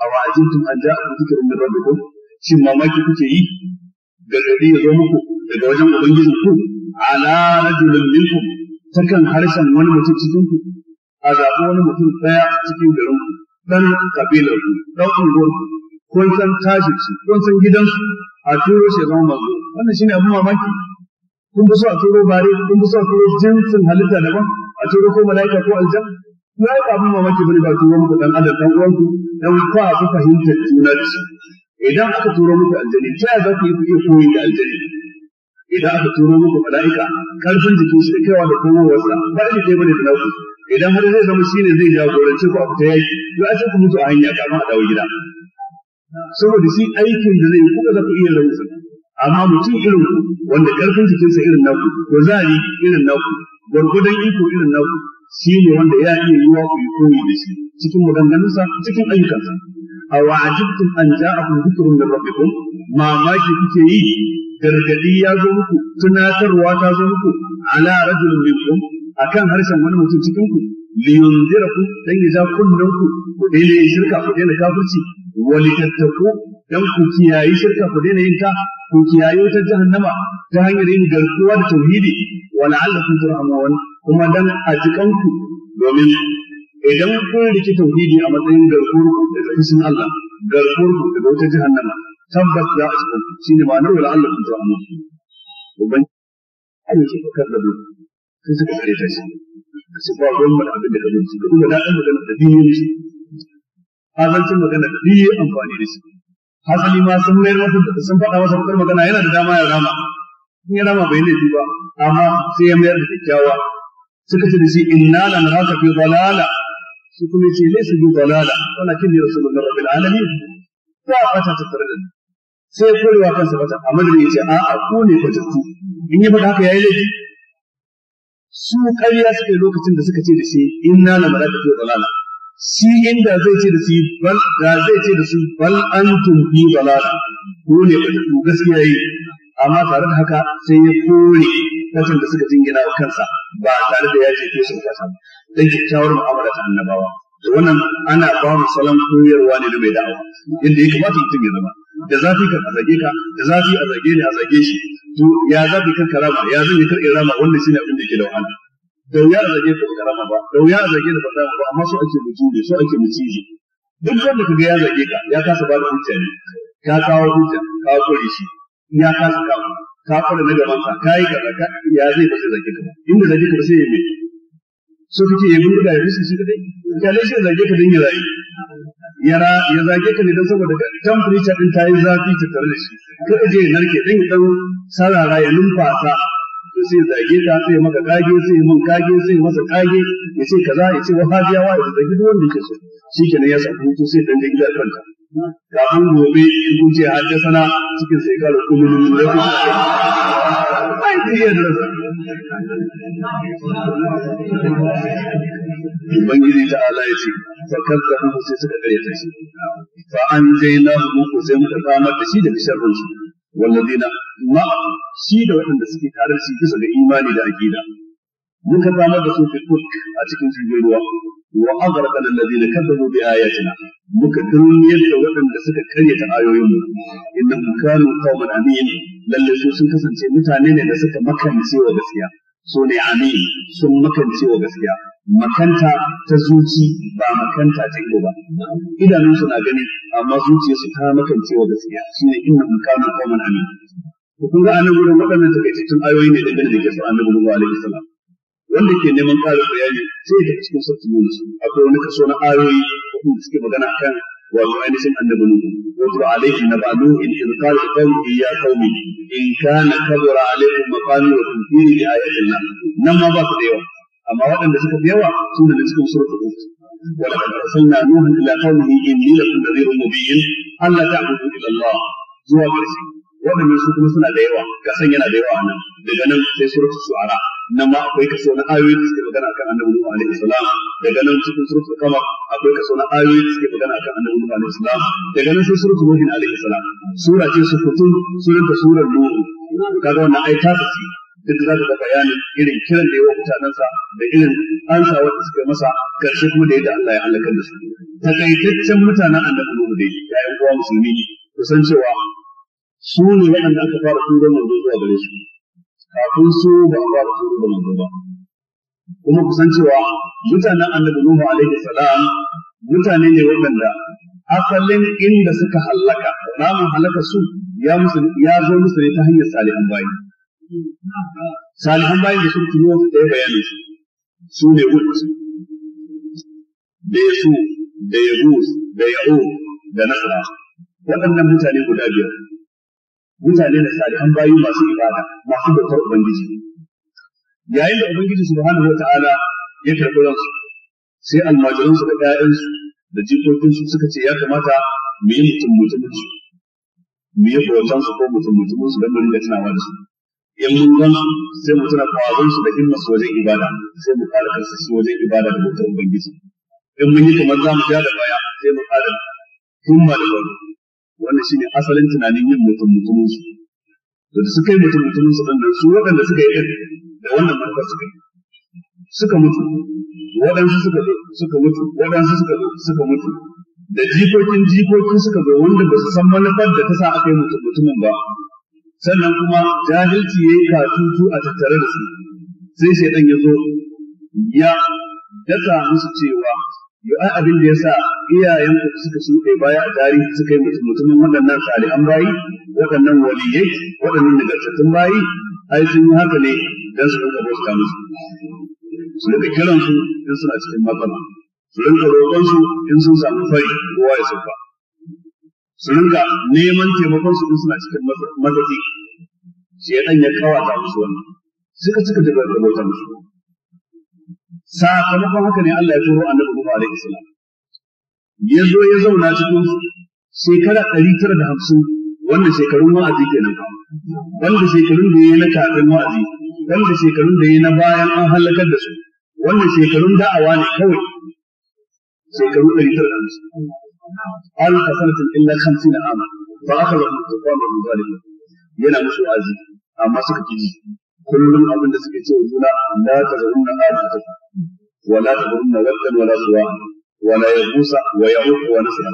a wa'ajin tun an ja'a ku zikirin da rabbi ko shin mamaki kuke yi gargaɗi ya zo muku daga wajen ubangijin ku ala rajulin minkum kan harshen wani mutum cikin ku a zaɓi wani mutum ɗaya cikin garin ku ɗan kabilar ku ɗan unguwar ku kun san tashin su kun san gidansu a turo shi zama mazo wannan shine abin mamaki kun fi so a turo bare kun fi so a turo jinsin halitta ba a turo ko mala'ika ko aljan na yi abin mamaki bane ba turo muku dan adam dan uwanku dan kwa ku fahimtar juna da idan aka turo muku aljani ta yaya za ku yi iya koyi da aljani idan aka turo muku mala'ika karfin jikin shi kaiwa da wasa, ba iri kai bane da nauyi idan har zai zama ne zai jagorance ku a fita yaki to a ce ku mutu a hanya kafin a dawo gida saboda shi aikin da zai yi kuka za ku iya rantsa amma mutum irin wanda karfin jikinsa irin naku zari irin naku gwargwadon iko irin naku shi ne wanda ya iya yi wa kuyi koyi da shi cikin maganganunsa cikin ayyukansa a wa'ajibtum an ja'akum dhikrun min rabbikum mamaki kuke yi gargadi ya zo muku tunatarwa ta zo muku ala rajulin minkum akan harshen wani mutum cikinku? liyunzirakum dan ya ja kunnen ku ku daina shirka ku daina kafirci wani litattaku dan ku kiyaye shirka ku daina yin ta ku kiyaye wata jahannama ta hanyar yin garkuwa da tauhidi wa la'allakum turhamun kuma dan a jikan ku domin idan kun riki tauhidi a matsayin garkuwar ku daga kisan Allah garkuwar ku daga wata jahannama tabbas za a cikin shine ma'anar wa la'allakum turhamun ubangi Allah ya fakar da su suka kare ta shi ce ba ruwan mana abin da ka zuci ka duba daɗin magana da biyu ne shi hazancin magana da biyu amfani da shi hasali ma sun mayar masa da sun faɗa masa bakar magana yana da dama ya rama in ya rama bai laifi ba amma sai ya mayar da kyakkyawa suka ce da shi inna la naraka fi dalala su kuma ce laysa bi dalala walakin li rasulillahi rabbil alamin ta bata ta tarda sai ya korewa kansa bata amma da yace a'a ku ne batattu in ya faɗa haka yayi laifi su ƙarya suke lokacin da suka ce da shi inna la mala'ikatu balala, shi inda zai ce da su bal da zai ce da su bal an tumbi balala ko ne ba ku gaskiya yi amma tare da haka sai ya kore kacin da suka jingina kansa ba tare da ya ce ke sun kasa dan kyakkyawar mu'amala ta annabawa to wannan ana ba mu salon koyarwa ne da mai da'awa inda ya kamata mutum ya zama da zafi ka a zage ka da zafi a zage ni a zage shi to ya zafi kan karama ya zan yi karɓe rama wannan shine abin da ke da wahala da wuya a zage ka karama ba da wuya a zage ni ba karama ba amma so ake mutu ne so ake mutu ne duk wanda kaga ya zage ka ya kasa ba da hujja ne ka kawo hujja ka kore shi ya kasa kawo ka kore na gaban ka kai ka ka ya zai ba zage ka inda zage ka sai ya mai so kike yi buɗa ya rusa shi dai? ya lai shi zage ka dan ya rayu ya zage ka ne don saboda temperature din ta yi zafi ta tare da shi ka je narke din dan sarara ya numfasa sai zage ta, sai maka kage sai mun kage sai masa kage ya ce kaza ya ce wahabiyawa ya zage duk wanda yake so shi shikenan ya samu hutu sai dan gida da an gobe sun ce haddasana cikin sai ka rasu mun da ku bai iya da Ubangiji ta ala ya ce, Sakar da mu sai suka kare ta shi. Fa an jai na mu sai muka samar da shi da sharrin shi. Walladina ma shi da waɗanda suke tare da shi bisa ga imani da aqida. Muka samar da su fi a cikin jirgin ruwa. وأغرقنا الذين كذبوا بآياتنا مكتنية وأن تسكت كرية آيوين إنهم كانوا قوما أمين للي سوسن كسن سي متانين إذا سكت da suka بسيا سوني أمين سن مكان سوى بسيا makanta ta zuci ba makanta ta ido ba idanun suna gani amma zuciya su ta makance wa gaskiya shine inna mukana qauman amin kun ga annabi gurin waɗannan takaitaccen ayoyi ne da gani da ke so annabi sallallahu alaihi wasallam wanda ke neman ƙarin bayani sai ya tafi cikin sattu Yunus akwai wani kaso na ayoyi da suke magana kan wato ainihin annabi Nuhu wa qur alayhi nabalu in iz qala qawmi ya qawmi in kana kabura alaykum maqami wa tunfiri bi ayatina nan ma ba su da yawa amma waɗanda suka fi yawa sun da cikin suratul Hud ولقد أرسلنا نوحا إلى قومه إني لكم نذير مبين ألا تعبدوا kuma suna da yawa. ومن يسوكم سنة ديوة كسن ينا ديوة أنا دجنم سيسورة سعراء na ma akwai kaso na ayoyi da suke magana kan annabi Nuhu alaihi salam daga nan cikin suratul qamar akwai kaso na ayoyi da suke magana kan annabi Nuhu alaihi salam daga nan sai suratul nuh alaihi salam sura ce su fitu surar ta surar nuh kaga wannan ai ta tsaci duk za ta bayanin irin kiran da ya wa sa da irin ansa wanda suka masa karshe kuma da yadda Allah ya halaka da su takaitaccen mutanen annabi Nuhu dai yayin uwa musulmi kusan cewa su ne waɗanda aka fara turo manzo zuwa gare su kafin su ba uwa da su da manzo ba kuma kusan cewa mutanen annabi Nuhu alaihi salam mutane ne waɗanda asalin inda suka hallaka ramin halaka su ya ya zo musu ne ta hanyar salihan bayi salihan bayi da sun tuno da ya bayani su su ne Hud da Yasu da Yabus da Ya'u da Nasra waɗannan mutane guda biyar mutane da sakan bayu masu ibada masu bautar ubangiji yayin da ubangiji subhanahu wataala ya karɓi ransu sai almajiransu da ƴaƴansu da jikokinsu suka ce ya kamata mu yi mutum su mu yi bautan su ko mutum mutum su don mun da tunawa da su in mun gan su sai mu tuna kwazon su da himma su wajen ibada sai mu fara kansu su wajen ibada da bautar ubangiji in mun yi kamar za mu ja da baya sai mu fara himma da bautar wannan shi ne asalin tunanin yin mutum mutumin su da suka yi mutum mutumin su ɗanɗan su waɗanda suka yi ɗin da wannan manufar suka yi suka mutu waɗansu suka zo suka mutu waɗansu suka zo suka mutu da jikokin jikokin suka zo wanda ba su san manufar da ta sa aka yi mutum mutumin ba sannan kuma jahilci ya yi katutu a tattare da su sai shaidan ya zo ya dasa musu cewa ya abin da yasa iyayen ku suka shuɗe baya a tarihi suka yi mutumin waɗannan salihan bayi waɗannan waliyai waɗannan nagartattun bayi ai sun yi haka ne dan su rinka bauta musu su rinka kiran su in suna cikin matsala su rinka roƙon su in sun samu fari kowa ya sauka su rinka neman taimakon su in suna cikin matsatsi sai ya ya kawata musu wannan suka suka tafi da bauta musu sakamakon haka ne Allah ya turo annabi Musa alaihi salam ya zo ya zauna cikin shekara ɗari tara da hamsin wannan shekarun wa'azi kenan wanda shekarun da yayi na kafin wa'azi wanda shekarun da yayi na bayan an halakar da su wannan shekarun da'awa ne kawai shekaru ɗari tara da hamsin alfa sanatin illa khamsina ama fa akhadha al-tufan min zalim yana musu wa'azi amma suka kiji kullum abin da suke ce juna la tazurunna ajata wa la tazurunna waddan wa la suwa wa la yabusa wa yauq wa nasra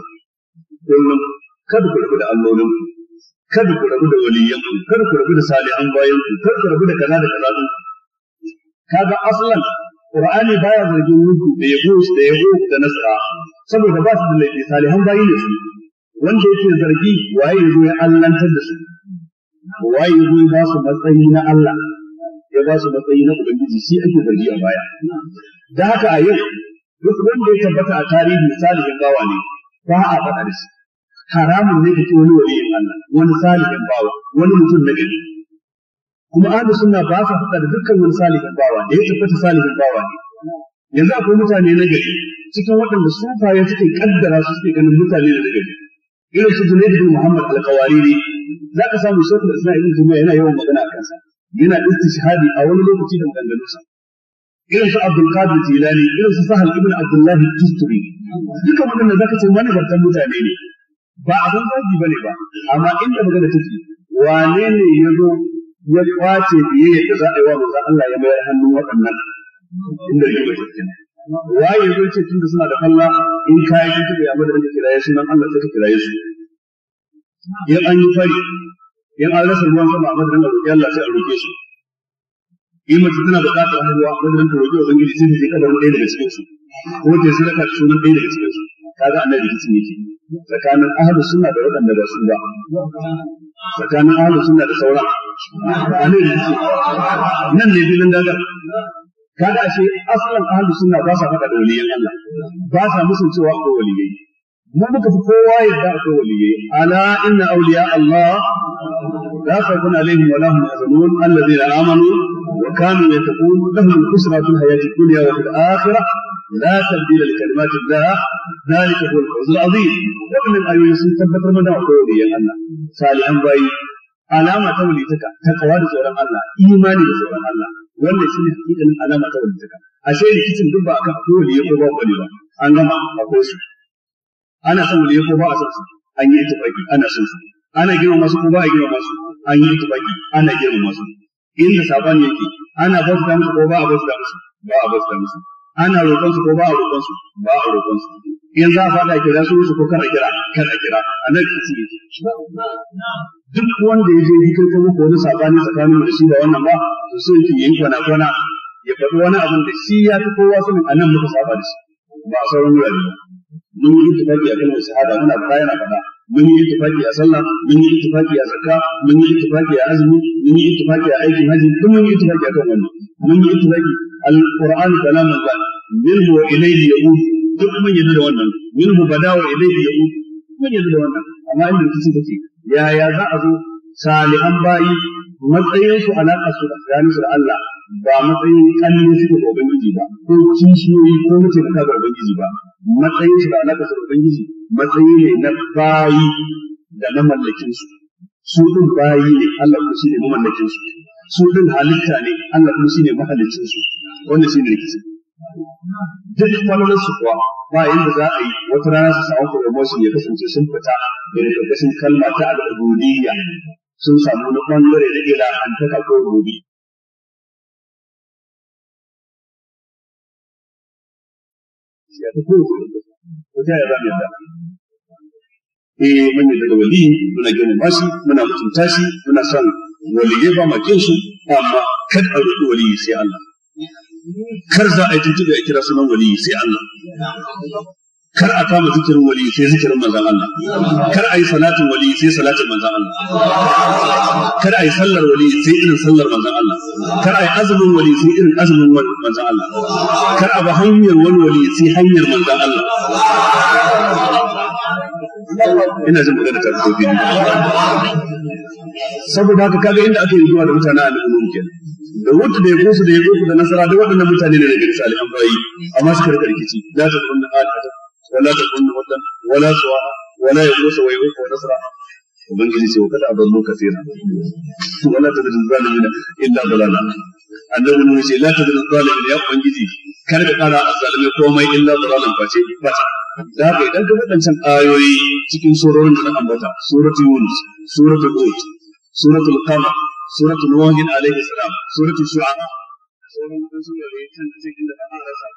kullum kada ku rabu da allolin kada ku rabu da waliyan ku kada ku rabu da salihan bayan ku kada ku rabu da kaza da kaza kaga aslan qur'ani baya zargin wuku da yabus da yauq da nasra saboda ba su da laifi salihan bayi ne su wanda yake zargi waye ya zo ya allantar da su waye ya zo ya ba su matsayi na Allah ya ba shi matsayi na ubangiji shi ake zargi a baya da haka a yau duk wanda ya tabbata a tarihi salihin bawa ne ba a faɗa da shi haramun ne kake wani waliyin Allah wani salihin bawa wani mutum na gari kuma ahlus sunna ba sa faɗa da dukkan wani salihin bawa da ya tabbata salihin bawa ne yanzu akwai mutane na gari cikin waɗanda sufaye suke kaddara su suke ganin mutane na gari irin su Junaid bin Muhammad al-Qawariri zaka samu shekul Islam ibn Juma'a yana yawan magana a kansa yana istishhadi a wani lokaci da maganganunsa irin su Abdul Qadir Jilani irin su Sahal ibn Abdullah Tusturi duka wannan zaka ce wani bartan mutane ne ba abin zagi bane ba amma inda magana take wane ne yazo ya kwace biyayya da za a yi wa manzon Allah ya bayar hannun waɗannan inda ne ba kenan waye yazo ce tunda suna da kalla? in kai kike ya bada da kiraye sunan Allah sai ka kiraye su yan an yi fari in an rasa ruwan sama a madadin da roƙi Allah sai a roƙe su in mace tana buƙatar ruwa a madadin ta roƙi ubangiji sai ta je kadar ɗaya daga cikin su ko ta sai ka sunan ɗaya daga cikin su kaga annabi kisan yake tsakanin ahlus sunna da waɗanda ba su ba tsakanin ahlus sunna da sauran annabi kisan nan ne bilin daga kaga ashe asalan ahlus sunna ba sa faɗa da waliyan Allah ba sa musun cewa ko waliyai ماذا تقول ألا إن أولياء الله لا خوف عليهم ولا هم يحزنون الذين آمنوا وكانوا يتقون لهم الحسنى في الحياة الدنيا وفي الآخرة لا تبديل لكلمات الله ذلك هو الفوز العظيم ومن أي يسمى تبت من أن الله سالحا بأي علامة تولي تكا تقوى لزور الله إيمان لزور الله ولا يسمى حقيقة علامة تولي تكا أشياء كتن دبا أكا أولياء أبا أولياء أنما أقول ana son waliye ko ba a son su an yi tufaki ana son su ana gina masu ko ba a gina masu an yi tufaki ana gina masu inda saban yake ana da musu ko ba a da musu ba a da musu ana roƙon su ko ba a roƙon su ba a roƙon su in za a fada kira su su ko kana kira kana kira anan ka ci duk wanda ya je yi kai kuma ko wani sabani tsakanin da shi da wannan ba to sai ki yi kwana kwana ya faɗi wani abin da shi ya fi kowa sanin anan muka saba da shi ba sauran wurare ba mun yi a kan akan shahada muna bayan faɗa mun yi tufaki a sallah mun yi tufaki a zakka mun yi tufaki a azumi mun yi tufaki a aikin haji duk mun yi a kan wannan mun yi tufaki alquran kalamun ba minhu wa ilayhi yaqul duk mun yi da wannan minhu bada wa ilayhi yaqul mun yi da wannan amma inda kici kace ya ya za a zo salihan bayi matsayin su alaƙa su da su da Allah ba matsayin kallon su ga ubangiji ba ko kishiyoyi ko mutum da ubangiji ba matsayin shi da alaka su ubangiji matsayi ne na bayi da na mallakin su su din bayi ne Allah kuma shine mamallakin su su din halitta ne Allah kuma shine mahallicin su wanda shine rikici duk kwallon su kuwa ba yadda za a yi wata rana su samu promotion ya kasance sun fita daga karkashin kalma ta al'ubudiyya sun samu na bangare na ila an taka ko rubi gaskiya da kowace ko ta yarda mun da wali muna gina shi muna mutunta shi muna son waliyai ba ma kin su amma kar a roƙi wali sai Allah kar za a yi tuntuɓe a kira sunan wali sai Allah kar a kama zikirin wali sai zikirin manzan Allah kar a yi salatin wali sai salatin manzan Allah kar a yi sallar wali sai irin sallar manzan Allah kar a yi azumin wali sai irin azumin manzan Allah kar a ba hanyar wani wali sai hanyar manzan Allah ina jin magana ta fito biyu saboda haka kaga inda aka yi zuwa da mutane a al'umma kenan da wanda da ya kusa da ya kusa da nasara da waɗannan mutane ne da salihan bayi amma suka rika rikici la ta kunna ta ولا تظن ودا ولا سواء ولا يغوث ويغوث ونسرا ومن ce wa kada adallu kasira wala tadrin zalimin illa annabi ne ce la tadrin zalimin ya ubangiji kar ka kara azalimi komai illa dalalan face bata da haka idan ka wadancan ayoyi cikin surorin da na ambata suratul yunus suratul hud suratul qamar suratul nuh alayhi salam suratul shu'ara sauran sunan da ya tantance inda ana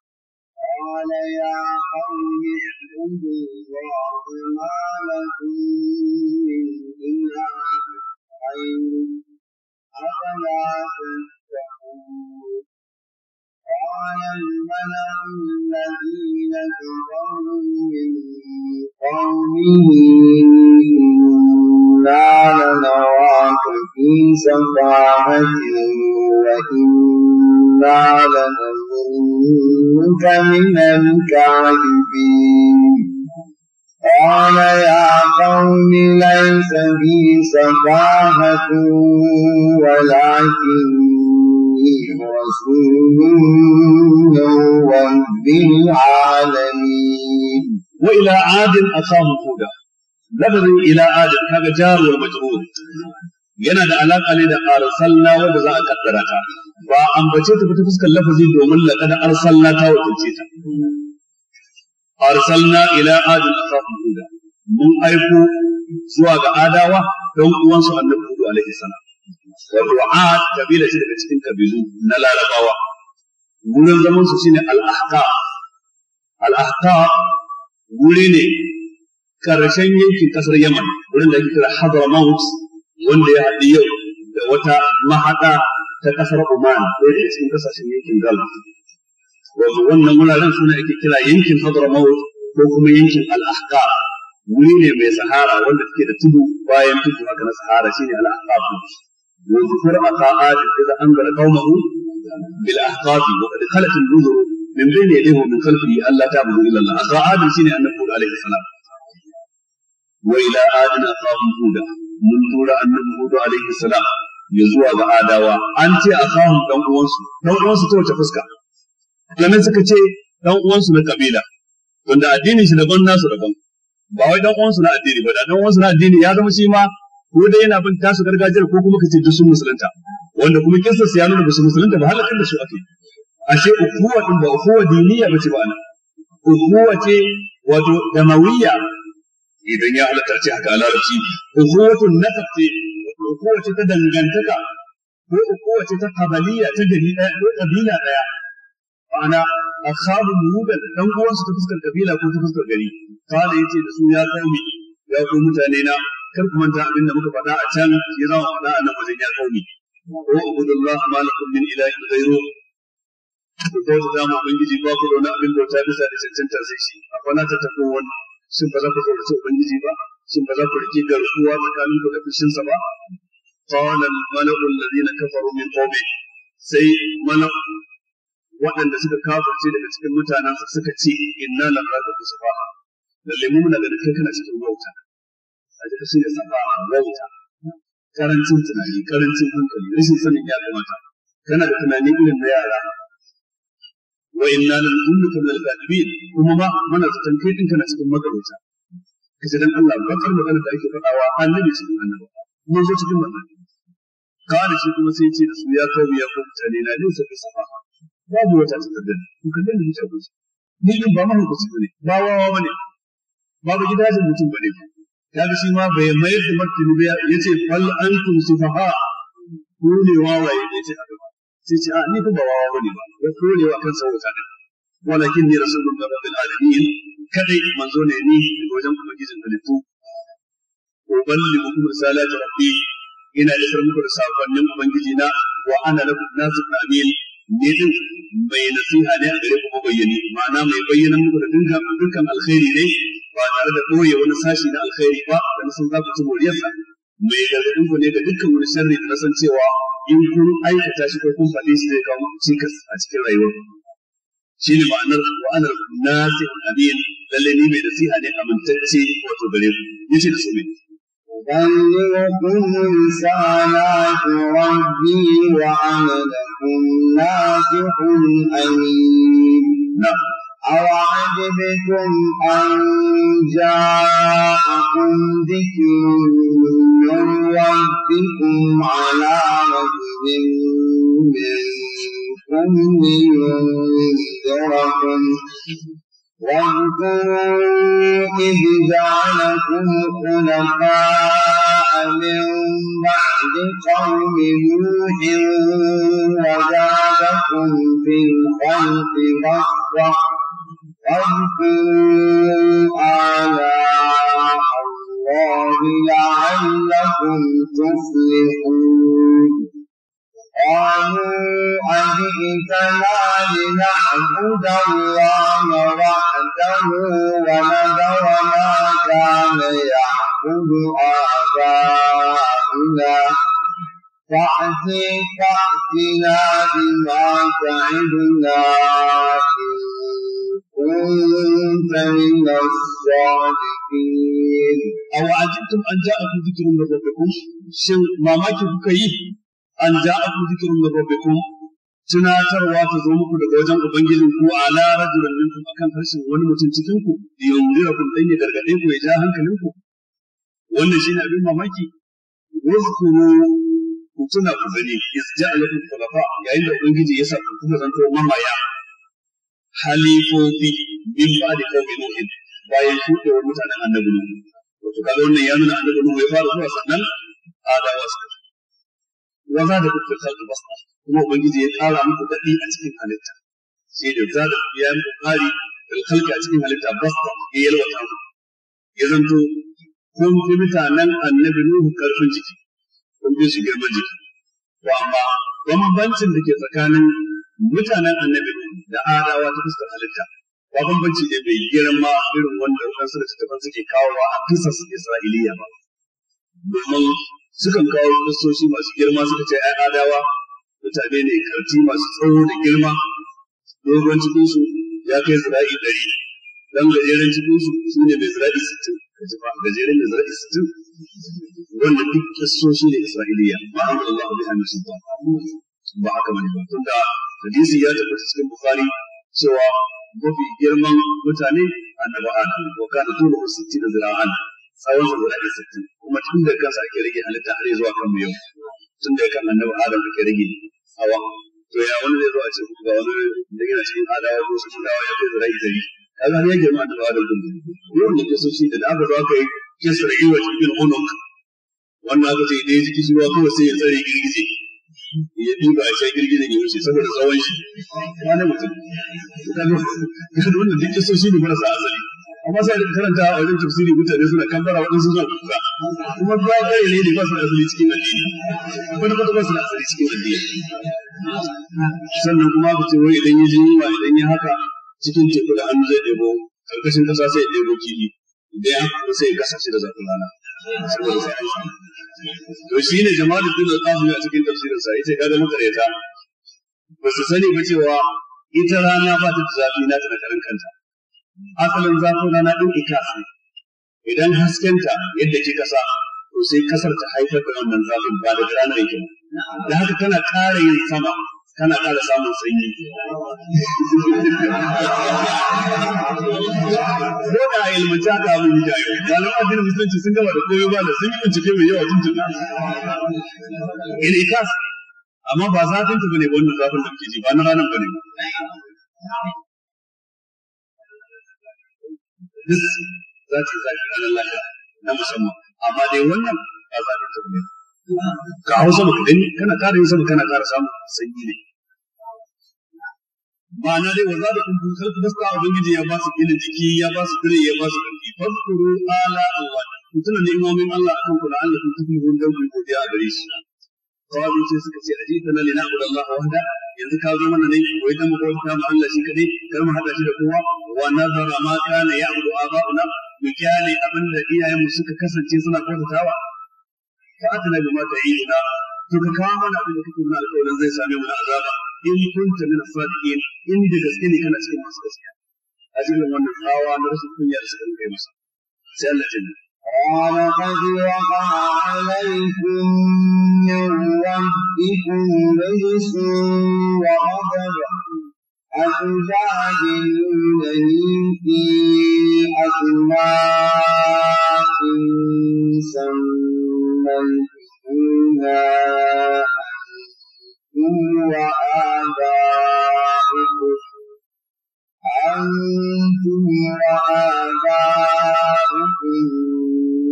قال يا قوم اعبدوا الله ما لكم من إله غيره أفلا تتقون قال الملأ الذين كفروا من قومه إنا لنراك في سفاهة وإنا لنظنك من الكاذبين قال يا قوم ليس بي سفاهة ولكني رسول من رب العالمين وإلى عاد أخاهم هدى lafazin ila adam kaga jaru wa majrur yana da alaka ne da arsalna wanda za a kaddara ta ba ambace ta ta fuskar lafazi domin lakada arsalna ta wakilce ta arsalna ila adam akahum huda mun aiko zuwa ga adawa don uwansu annabi hudu alaihi salam wato ad kabila ce daga cikin kabilu na larabawa wurin zaman su shine al-ahqa al-ahqa wuri ne karshen yankin kasar Yaman wurin da ake kira Hadramaut wanda ya haɗu yau da wata mahaɗa ta kasar Oman ko da cikin kasashen yankin Gulf wato wannan wuraren suna ake kira yankin Hadramaut ko kuma yankin Al-Ahqaf wuri ne mai sahara wanda take da tudu bayan tudu haka na sahara shine Al-Ahqaf yanzu kar a ka'a da kaza an gara kaumahu bil ahqaf wa qad khalat an-nuzur min bayni yadayhi wa min khalfihi alla ta'budu illa Allah. Aka Adam shine annabi Hud alaihi salam. وإلى آدنا أخاهم هودا من tura annabi hudu alaihi salam ya zuwa ga adawa an ce a kawun dan uwansu ta wace fuska domin suka ce dan uwansu na kabila tunda addinin shi daban nasu daban ba wai dan uwansu na addini ba dan uwansu na addini ya zama shi ma ko dai yana bin tasu gargajiyar ko kuma kace duk sun musulunta wanda kuma kinsa su ya nuna musulunta ba halakar da su ake ashe ukuwa din ba ukuwa diniya bace ba nan ukuwa ce wato damawiyya idan ya halatta ce haka a larabci ukuwatun nasab ce ukuwa wace ta dangantaka ko ukuwa ta kabaliya ta gari ɗaya ko kabila ɗaya ma'ana ashabu mudan dan uwansu ta fuskar kabila ko ta fuskar gari kala yace da su ya kaumi ya ku mutane na kar ku manta abin da muka faɗa a can ya zama faɗa a nan wajen ya kaumi ko abudullah malakum min ilahi ghayru ko ta dama ubangiji ba ku da wani abin bauta bisa da cancanta sai shi afala ta wani shin ba za ku tsorace ubangiji ba shin ba za ku rike garkuwa tsakanin ku da fushinsa ba qala al-mala'u alladhina kafaru min qawmi sai mala'u waɗanda suka kafirce daga cikin mutanen suka ce inna la raqatu safaha Da mu na ganin kai kana cikin wauta a cikin shi da safaha wauta karancin tunani karancin hankali rashin sanin ya kamata kana da tunani irin na yara wa inna lan kuntu min mana cikin kai din kana cikin magarauta kace dan Allah bakar magana da ake fadawa annabi cikin annabi mun zo cikin wannan kawai shi kuma sai ce da su ya kawo ya kuma mutane na ne sai safa babu wata takardar ku kallon da mutane su ni din ba mahaukaci bane ba wawa bane ba ba gidajen mutum bane ma bai ya ce fal ku ne wawaye ne sai ce a ni fa ba wawa bane ba ya kore wa kansa wuta din walakin ni rasulun da rabbil alamin kadai manzo ne ni halittu rabbi ina da muku da sakonnin ubangiji na wa ana amin ne din mai nasiha ne a gare ku bayyane ma'ana mai bayyana muku da dukkan dukkan alkhairi ne ba tare da koye wani sashi na alkhairi ba da sun za ku ci moriyarsa mai gargadin ku ne da dukkan wani sirri da san cewa in kun aikata shi ko kun faɗi shi zai kawo cikas a cikin rayuwar shi ne ma'anar wa'anar anar nasi amin lalle ni mai nasiha ne amintacce wato gare ku yace da su ne أبلغكم رسالات ربي وأنا لكم ناصح أمين نعم أوعجبتم أن جاءكم ذكر من على رجل منكم لينذركم واذكروا إذ جعلكم خلفاء من بعد قوم نوح وزادكم في الخلق بسطة واذكروا آلاء الله لعلكم تفلحون قالوا أجئتنا لنعبد الله وحده ونذر ما كان يعبد آباؤنا فأتي فأتنا بما تعدنا إن كنت من الصادقين أو عجبتم أن جاءكم ذكر من ربكم شن ما ماكي كيف أن جاءكم ذكر من ربكم tunatarwa ta zo muku daga wajen ubangijin ku a lara rajulin minkum akan harshen wani mutum cikin ku Yau yunzira kun dan ya gargade ku ya ja hankalin ku wannan shi ne abin mamaki wazkuru ku tuna ku gani isja'alakum khulafa yayin da ubangiji ya sa ku kuma zanto mamaya halifofi min ba da kawai nufin, bayan wani mutanen annabi nuhu wato kaga wannan ya nuna annabi nuhu ya fara zuwa sannan adawa suka wa za da kuka kalli basar kuma ubangiji ya tsara muku daɗi a cikin halitta Sai da za da ya yi muku ƙari kalkalka a cikin halitta basar ya yalwata mu ya zanto kun fi mutanen annabi nuhu ƙarfin jiki kun fi su girman jiki to amma bambancin da ke tsakanin mutanen annabi da adawa ta fuskar halitta ba bambanci ne bai girma irin wanda wasu da tattafan suke kawowa a kisas isra'iliya ba domin sukan kawo kristoci masu girma suka ce ai adawa mutane ne karti masu tsawo da girma dogon cikinsu ya kai zira'i ɗari don gajeren cikinsu su ne mai zira'i sittin gajeren mai zira'i sittin wanda duk kristoci ne isra'iliya ba a Allah biha min sultan ba haka bane ba tunda hadisi ya tafi cikin bukari cewa mafi girman mutane na ba'ana wa kana tulu da zira'an tsawon sa zira'i 60 kuma tun da kansa ake rage halitta har zuwa kan yau tun da kan annabi adam ake rage hawa to ya wani zai zo a ce ga wani da yana cikin adawa ko su dawa ya kai zira'i dari kaga ne girma da adam din yau da kaso shi da aka zo aka yi kisra iwa cikin unuk wannan aka ce dai jiki shi ruwa kawai sai ya tsare girgije ya duba a sha girgizan ya wuce saboda tsawon shi wani mutum ga wannan duk kisoshi ne marasa asali amma sai da karanta a wajen tafsiri mutane suna kambara waɗansu zuwa kuka kuma ba kai ne ne ba su da asali cikin addini wani kuma ba su da asali cikin addini sannan kuma ku ce wai idan ya ji yunwa idan ya haka cikin teku da hannu zai ɗebo karkashin ƙasa sai ya ɗebo kifi idan ya haka sai ya kasa shi da zafin rana to shi ne da duk da a cikin tafsirinsa yace kaga ta ba su sani ba cewa ita rana ba ta zafi na tana karin kanta asalin zafin rana din ita idan haskenta yadda ke sa to sai kasar ta haifar da wannan zafin ba da ranar yake da haka tana ƙara yin sama kana ƙara samun sanyi ko da ta haka abin da ya kalan addinin musulunci sun gaba da koyo ba da sun yi bincike mai yawa tuntun in ikas amma ba zafin ta bane wannan zafin da kuke ji ba na ranar bane duk za ta zafi ranar lafiya na musamman amma dai wannan ba zafin ta bane ka hau sama ka kana ƙara yin sama kana ƙara samun sanyi ne ba na dai wanda da kun karku gaskiya ubangiji ya ba su gina jiki ya ba su kare ya ba su karfi fasuru ala Allah ku tuna ni'imomin Allah kan ku da Allah kun tafi mun dan ku godiya a gare shi sawabi ce suka ce aji ta na lina da Allah wanda yanzu ka zo mana ne wai dan mu bauta ma Allah shi kadai kar mu hada shi da kowa wa nazara ma kana ya'budu na? mu kyale abin da iyayenmu suka kasance suna kwatantawa Ka atana bima ta'ina to ka kawo mana abin da kake nuna alƙawarin zai same mu na azaba in kunta min as-sadiqin in da gaske ne kana cikin masu gaskiya azirin wannan tsawa na rasul kunya da suka kai masa sai Allah ya ji قال قد وقع عليكم من ربكم رجس وغضب أتجادلونني في أسماء آبائكم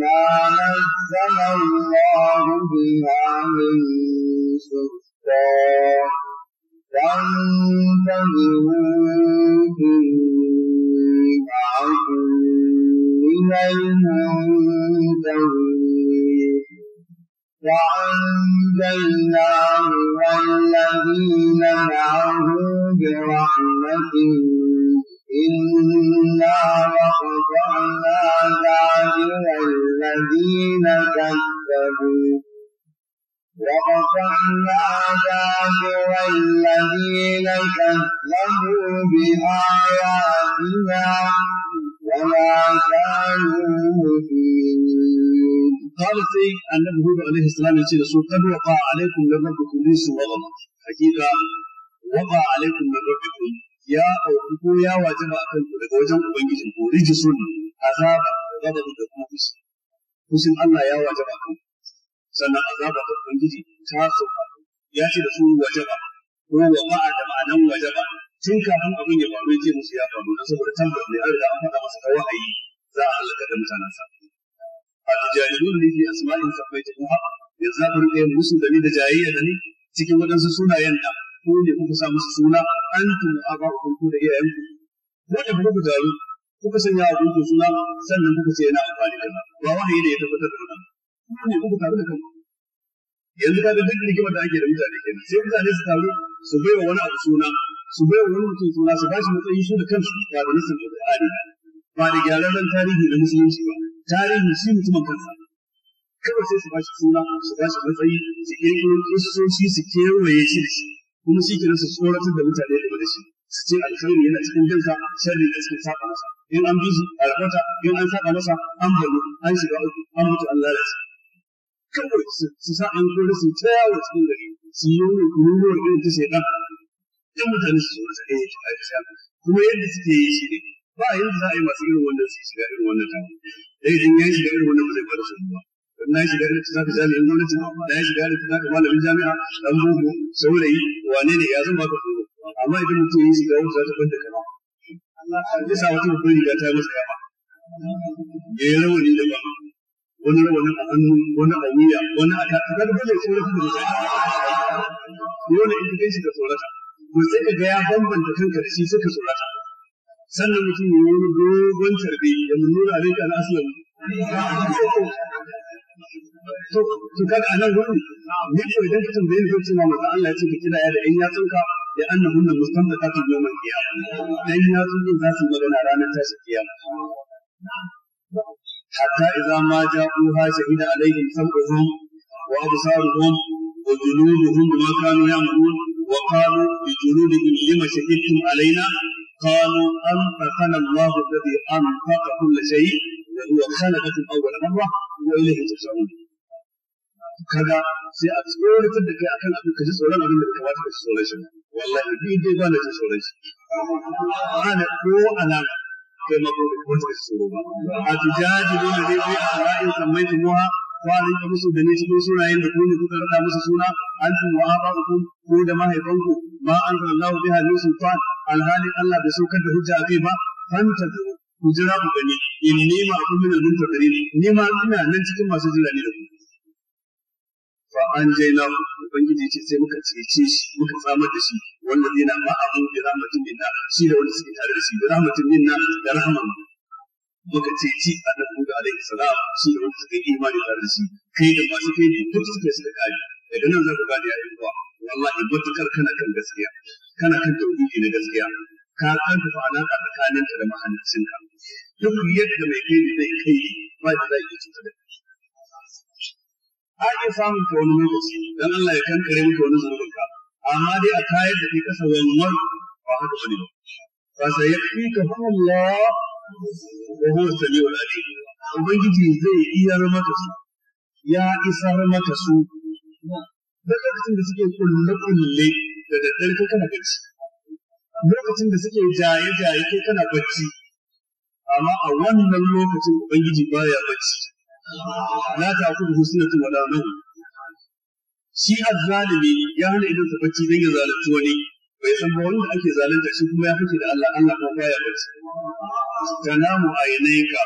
ما نزل الله بها من سلطان فانتظروا إني معكم من المنتظرين وأنجيناه والذين معه برحمة إنا وقطعنا دابر الذين كذبوا وقطعنا دابر الذين كذبوا بآياتنا وما كانوا مؤمنين قالت النبي هود عليه السلام سيدي رسول قد وقع عليكم من ربكم ريس وغلط حقيقة وقع عليكم من ربكم ya auku ko ya ba akan ku daga wajen ubangijin ku rijisun azaba gaba da ku fushi kusin Allah ya ba kan sannan azaba da ubangiji ta sauka ya ce da su ba ko wa ba'a da ma'anan ba tun kafin abin ya faru ya ce musu ya faru na saboda tabbas ne an riga an faɗa masa ta wahayi za a halaka da mutanen sa a tijarilun ne fi asma'in sa bai ta kuma yanzu za ka rike musu da ni da jayayya da ni cikin waɗansu sunayen nan. ko ne kuka sa musu suna antum abakum ku da iyayenku ko da kuka taru kuka sanya wa kuka suna sannan kuka ce yana amfani da ba wahayi ne ya tabbatar da kuma ko ne kuka taru da kanku yanzu ka ga duk rigimar da ake da mutane kenan sai mutane su taru su bai wa wani abu suna su bai wa wani mutum suna su ba shi matsayi su da kansu ba da nasin ba da gyararren tarihi da musulunci ba tarihi shi mutumin kansa kawai sai su ba shi suna su ba shi matsayi su kirkiro kristoci su kewaye shi da shi kuma shi rasa tsoratar da mutane da da shi su ce alkhairi yana cikin danka sharri da cikin saba masa in an bi shi a in an saba masa an balo an shiga uku an mutu an lalace kawai su sa an kore su ta yawo cikin gari su yi yi irin ta shaidan in mutane su tsoratar da yake a yasa kuma yadda suke yi shi ne ba yadda za a yi masu irin wannan su shiga irin wannan tamu da idan ya shiga irin wannan ba zai fara su ba na shiga da ta zaka jami'in na ya shiga da ta zaka malamin jami'a dan boko saurayi wane ne ya zama ka tsoro amma idan mutum ya shiga wata ta kwanta kama ya sa riga ta masa kama ya yi rawani da ba wani rawanin a hannu wani a wuya wani a tafi kan dole ya tsorata da mutane dole in kai shi ka tsorata to sai ka ga ya bambanta kanka sai ka tsorata sannan mutum ya wani dogon tarbi ya nuna alaika na aslan to to kaga anan gurin ne ko idan ka tambaye ni Allah ya ce ka kira ya da ɗan yatsun ka da annahun nan mustambata ta goma kiyama ɗan yatsun za su magana ranar tashi kiyama حتى إذا ما جاءوها شهد عليهم سمعهم وأبصارهم وجلودهم ما كانوا يعملون وقالوا لجلودهم لما شهدتم علينا قالوا أنطقنا الله الذي أنطق كل شيء هو خلقة أول مرة وإليه ترجعون kaga sai a tsoratar da kai akan abin ka ji tsoron abin da ka kamata ka ji tsoron shi wallahi ni dai ba na ji tsoron shi ana ko alama kai ma ko ko ta ji tsoro ba a tijaji da zai a ra'ayin sammai tumuha kwanan ka musu da ne cikin sunayen da ku ne kuka musu suna an wa aba ku ko da mahaifanku ma an zara Allah biha min sultan alhalin Allah bai saukar da hujja a kai ba fanta ku jira ku gani eh, in ni ma ku min al muntaziri ni ma ina nan cikin masu jira ne da ku fa an jai na ku ubangiji ce sai muka cece shi muka samar da shi wanda zai na ma abu da rahmatin minna shi da wanda suke tare da shi da rahmatin minna da rahman muka ceci annabi da alaihi salam shi da wanda suke imani tare da shi kai da masu kai ne duk suke suka kare daga nan za ku gane a yankuwa wallahi matukar kana kan gaskiya kana kan tauhidi na gaskiya ka ƙato a tsakanin ka da mahallacin ka duk yadda mai gini zai kai ba da zai cuta da kai a iya samun ta wani lokaci dan Allah ya kankare maka wani zunubin ka amma dai a tayar da kai kasa wannan ba haka bane ba fa sayakfika Allah wa huwa samiul alim ubangiji zai iyar maka su ya isar maka su da lokacin da suke kulle kulle da daddare kana gaci lokacin da suke jaye-jaye kai kana bacci amma a wannan lokacin ubangiji baya bacci la ta ku da suna ta wala shi azzalimi ya hana idan ta bacci dan ya zalunci wani bai san ba wanda ake zalunta shi kuma ya fice da Allah Allah ko baya bacci tanamu aynayka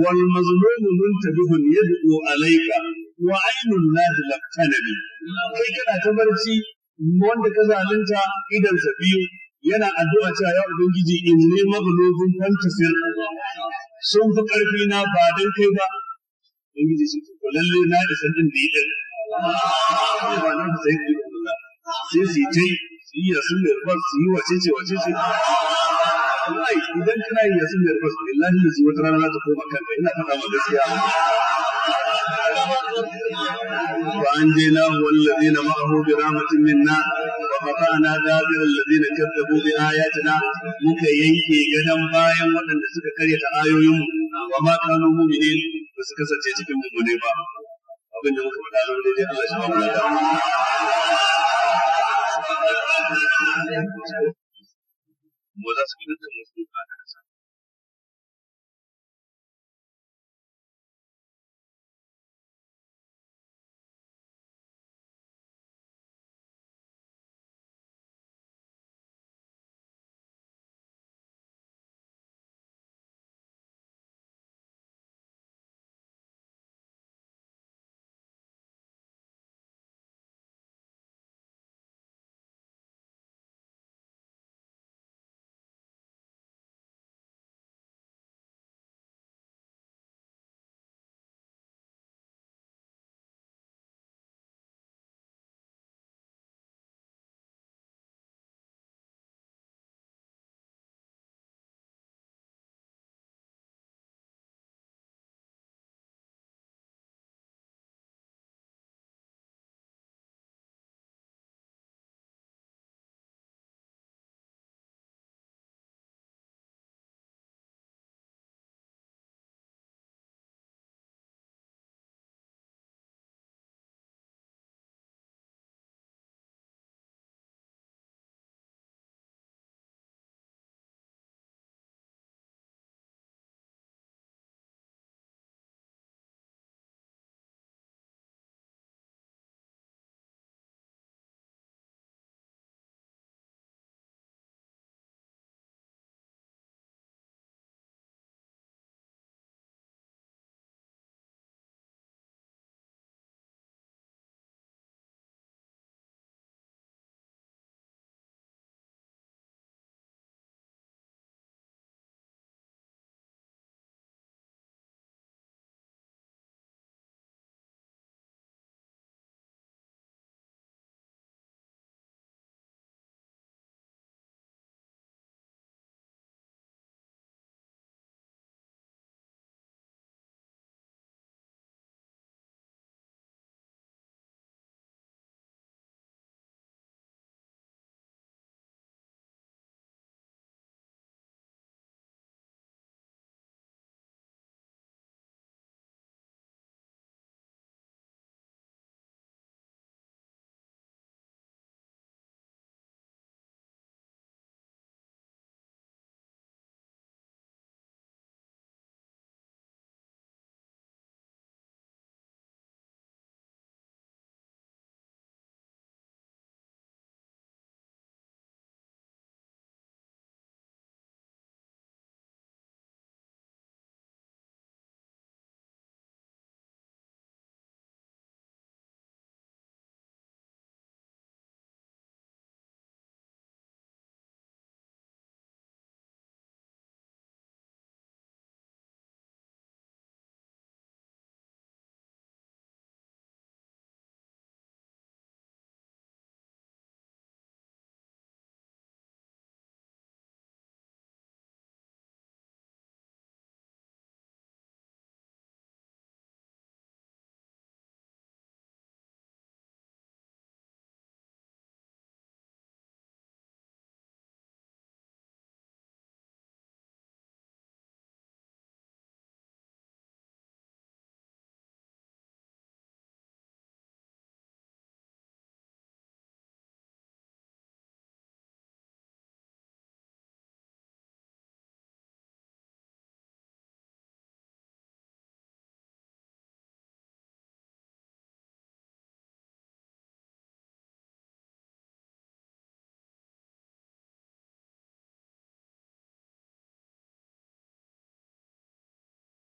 wal mazlumu muntabihun yad'u alayka wa aynu allahi laqtanabi kai kana ta barci wanda ka zalunta idan sa biyu yana addu'a cewa ya ubangiji in ne maglubun fantasir sun fi karfi na ba don kai ba ubangiji shi ko lalle na da sanin da yake ba nan sai ki da sai su yi su yi yasin da rubar su yi wace ce wace ce wallahi idan kana yi yasin da rubar billahi da wata rana za ta koma kanka ina faɗa ma gaskiya فأنجيناه والذين معه برحمة منا na قطعنا دابر الذين كذبوا بآياتنا muka yanke gadon bayan waɗanda suka karyata ayoyinmu wa ma kanu mu'minin ba su kasance cikin mummune ba abin da muka faɗa zama daidai Allah ba mu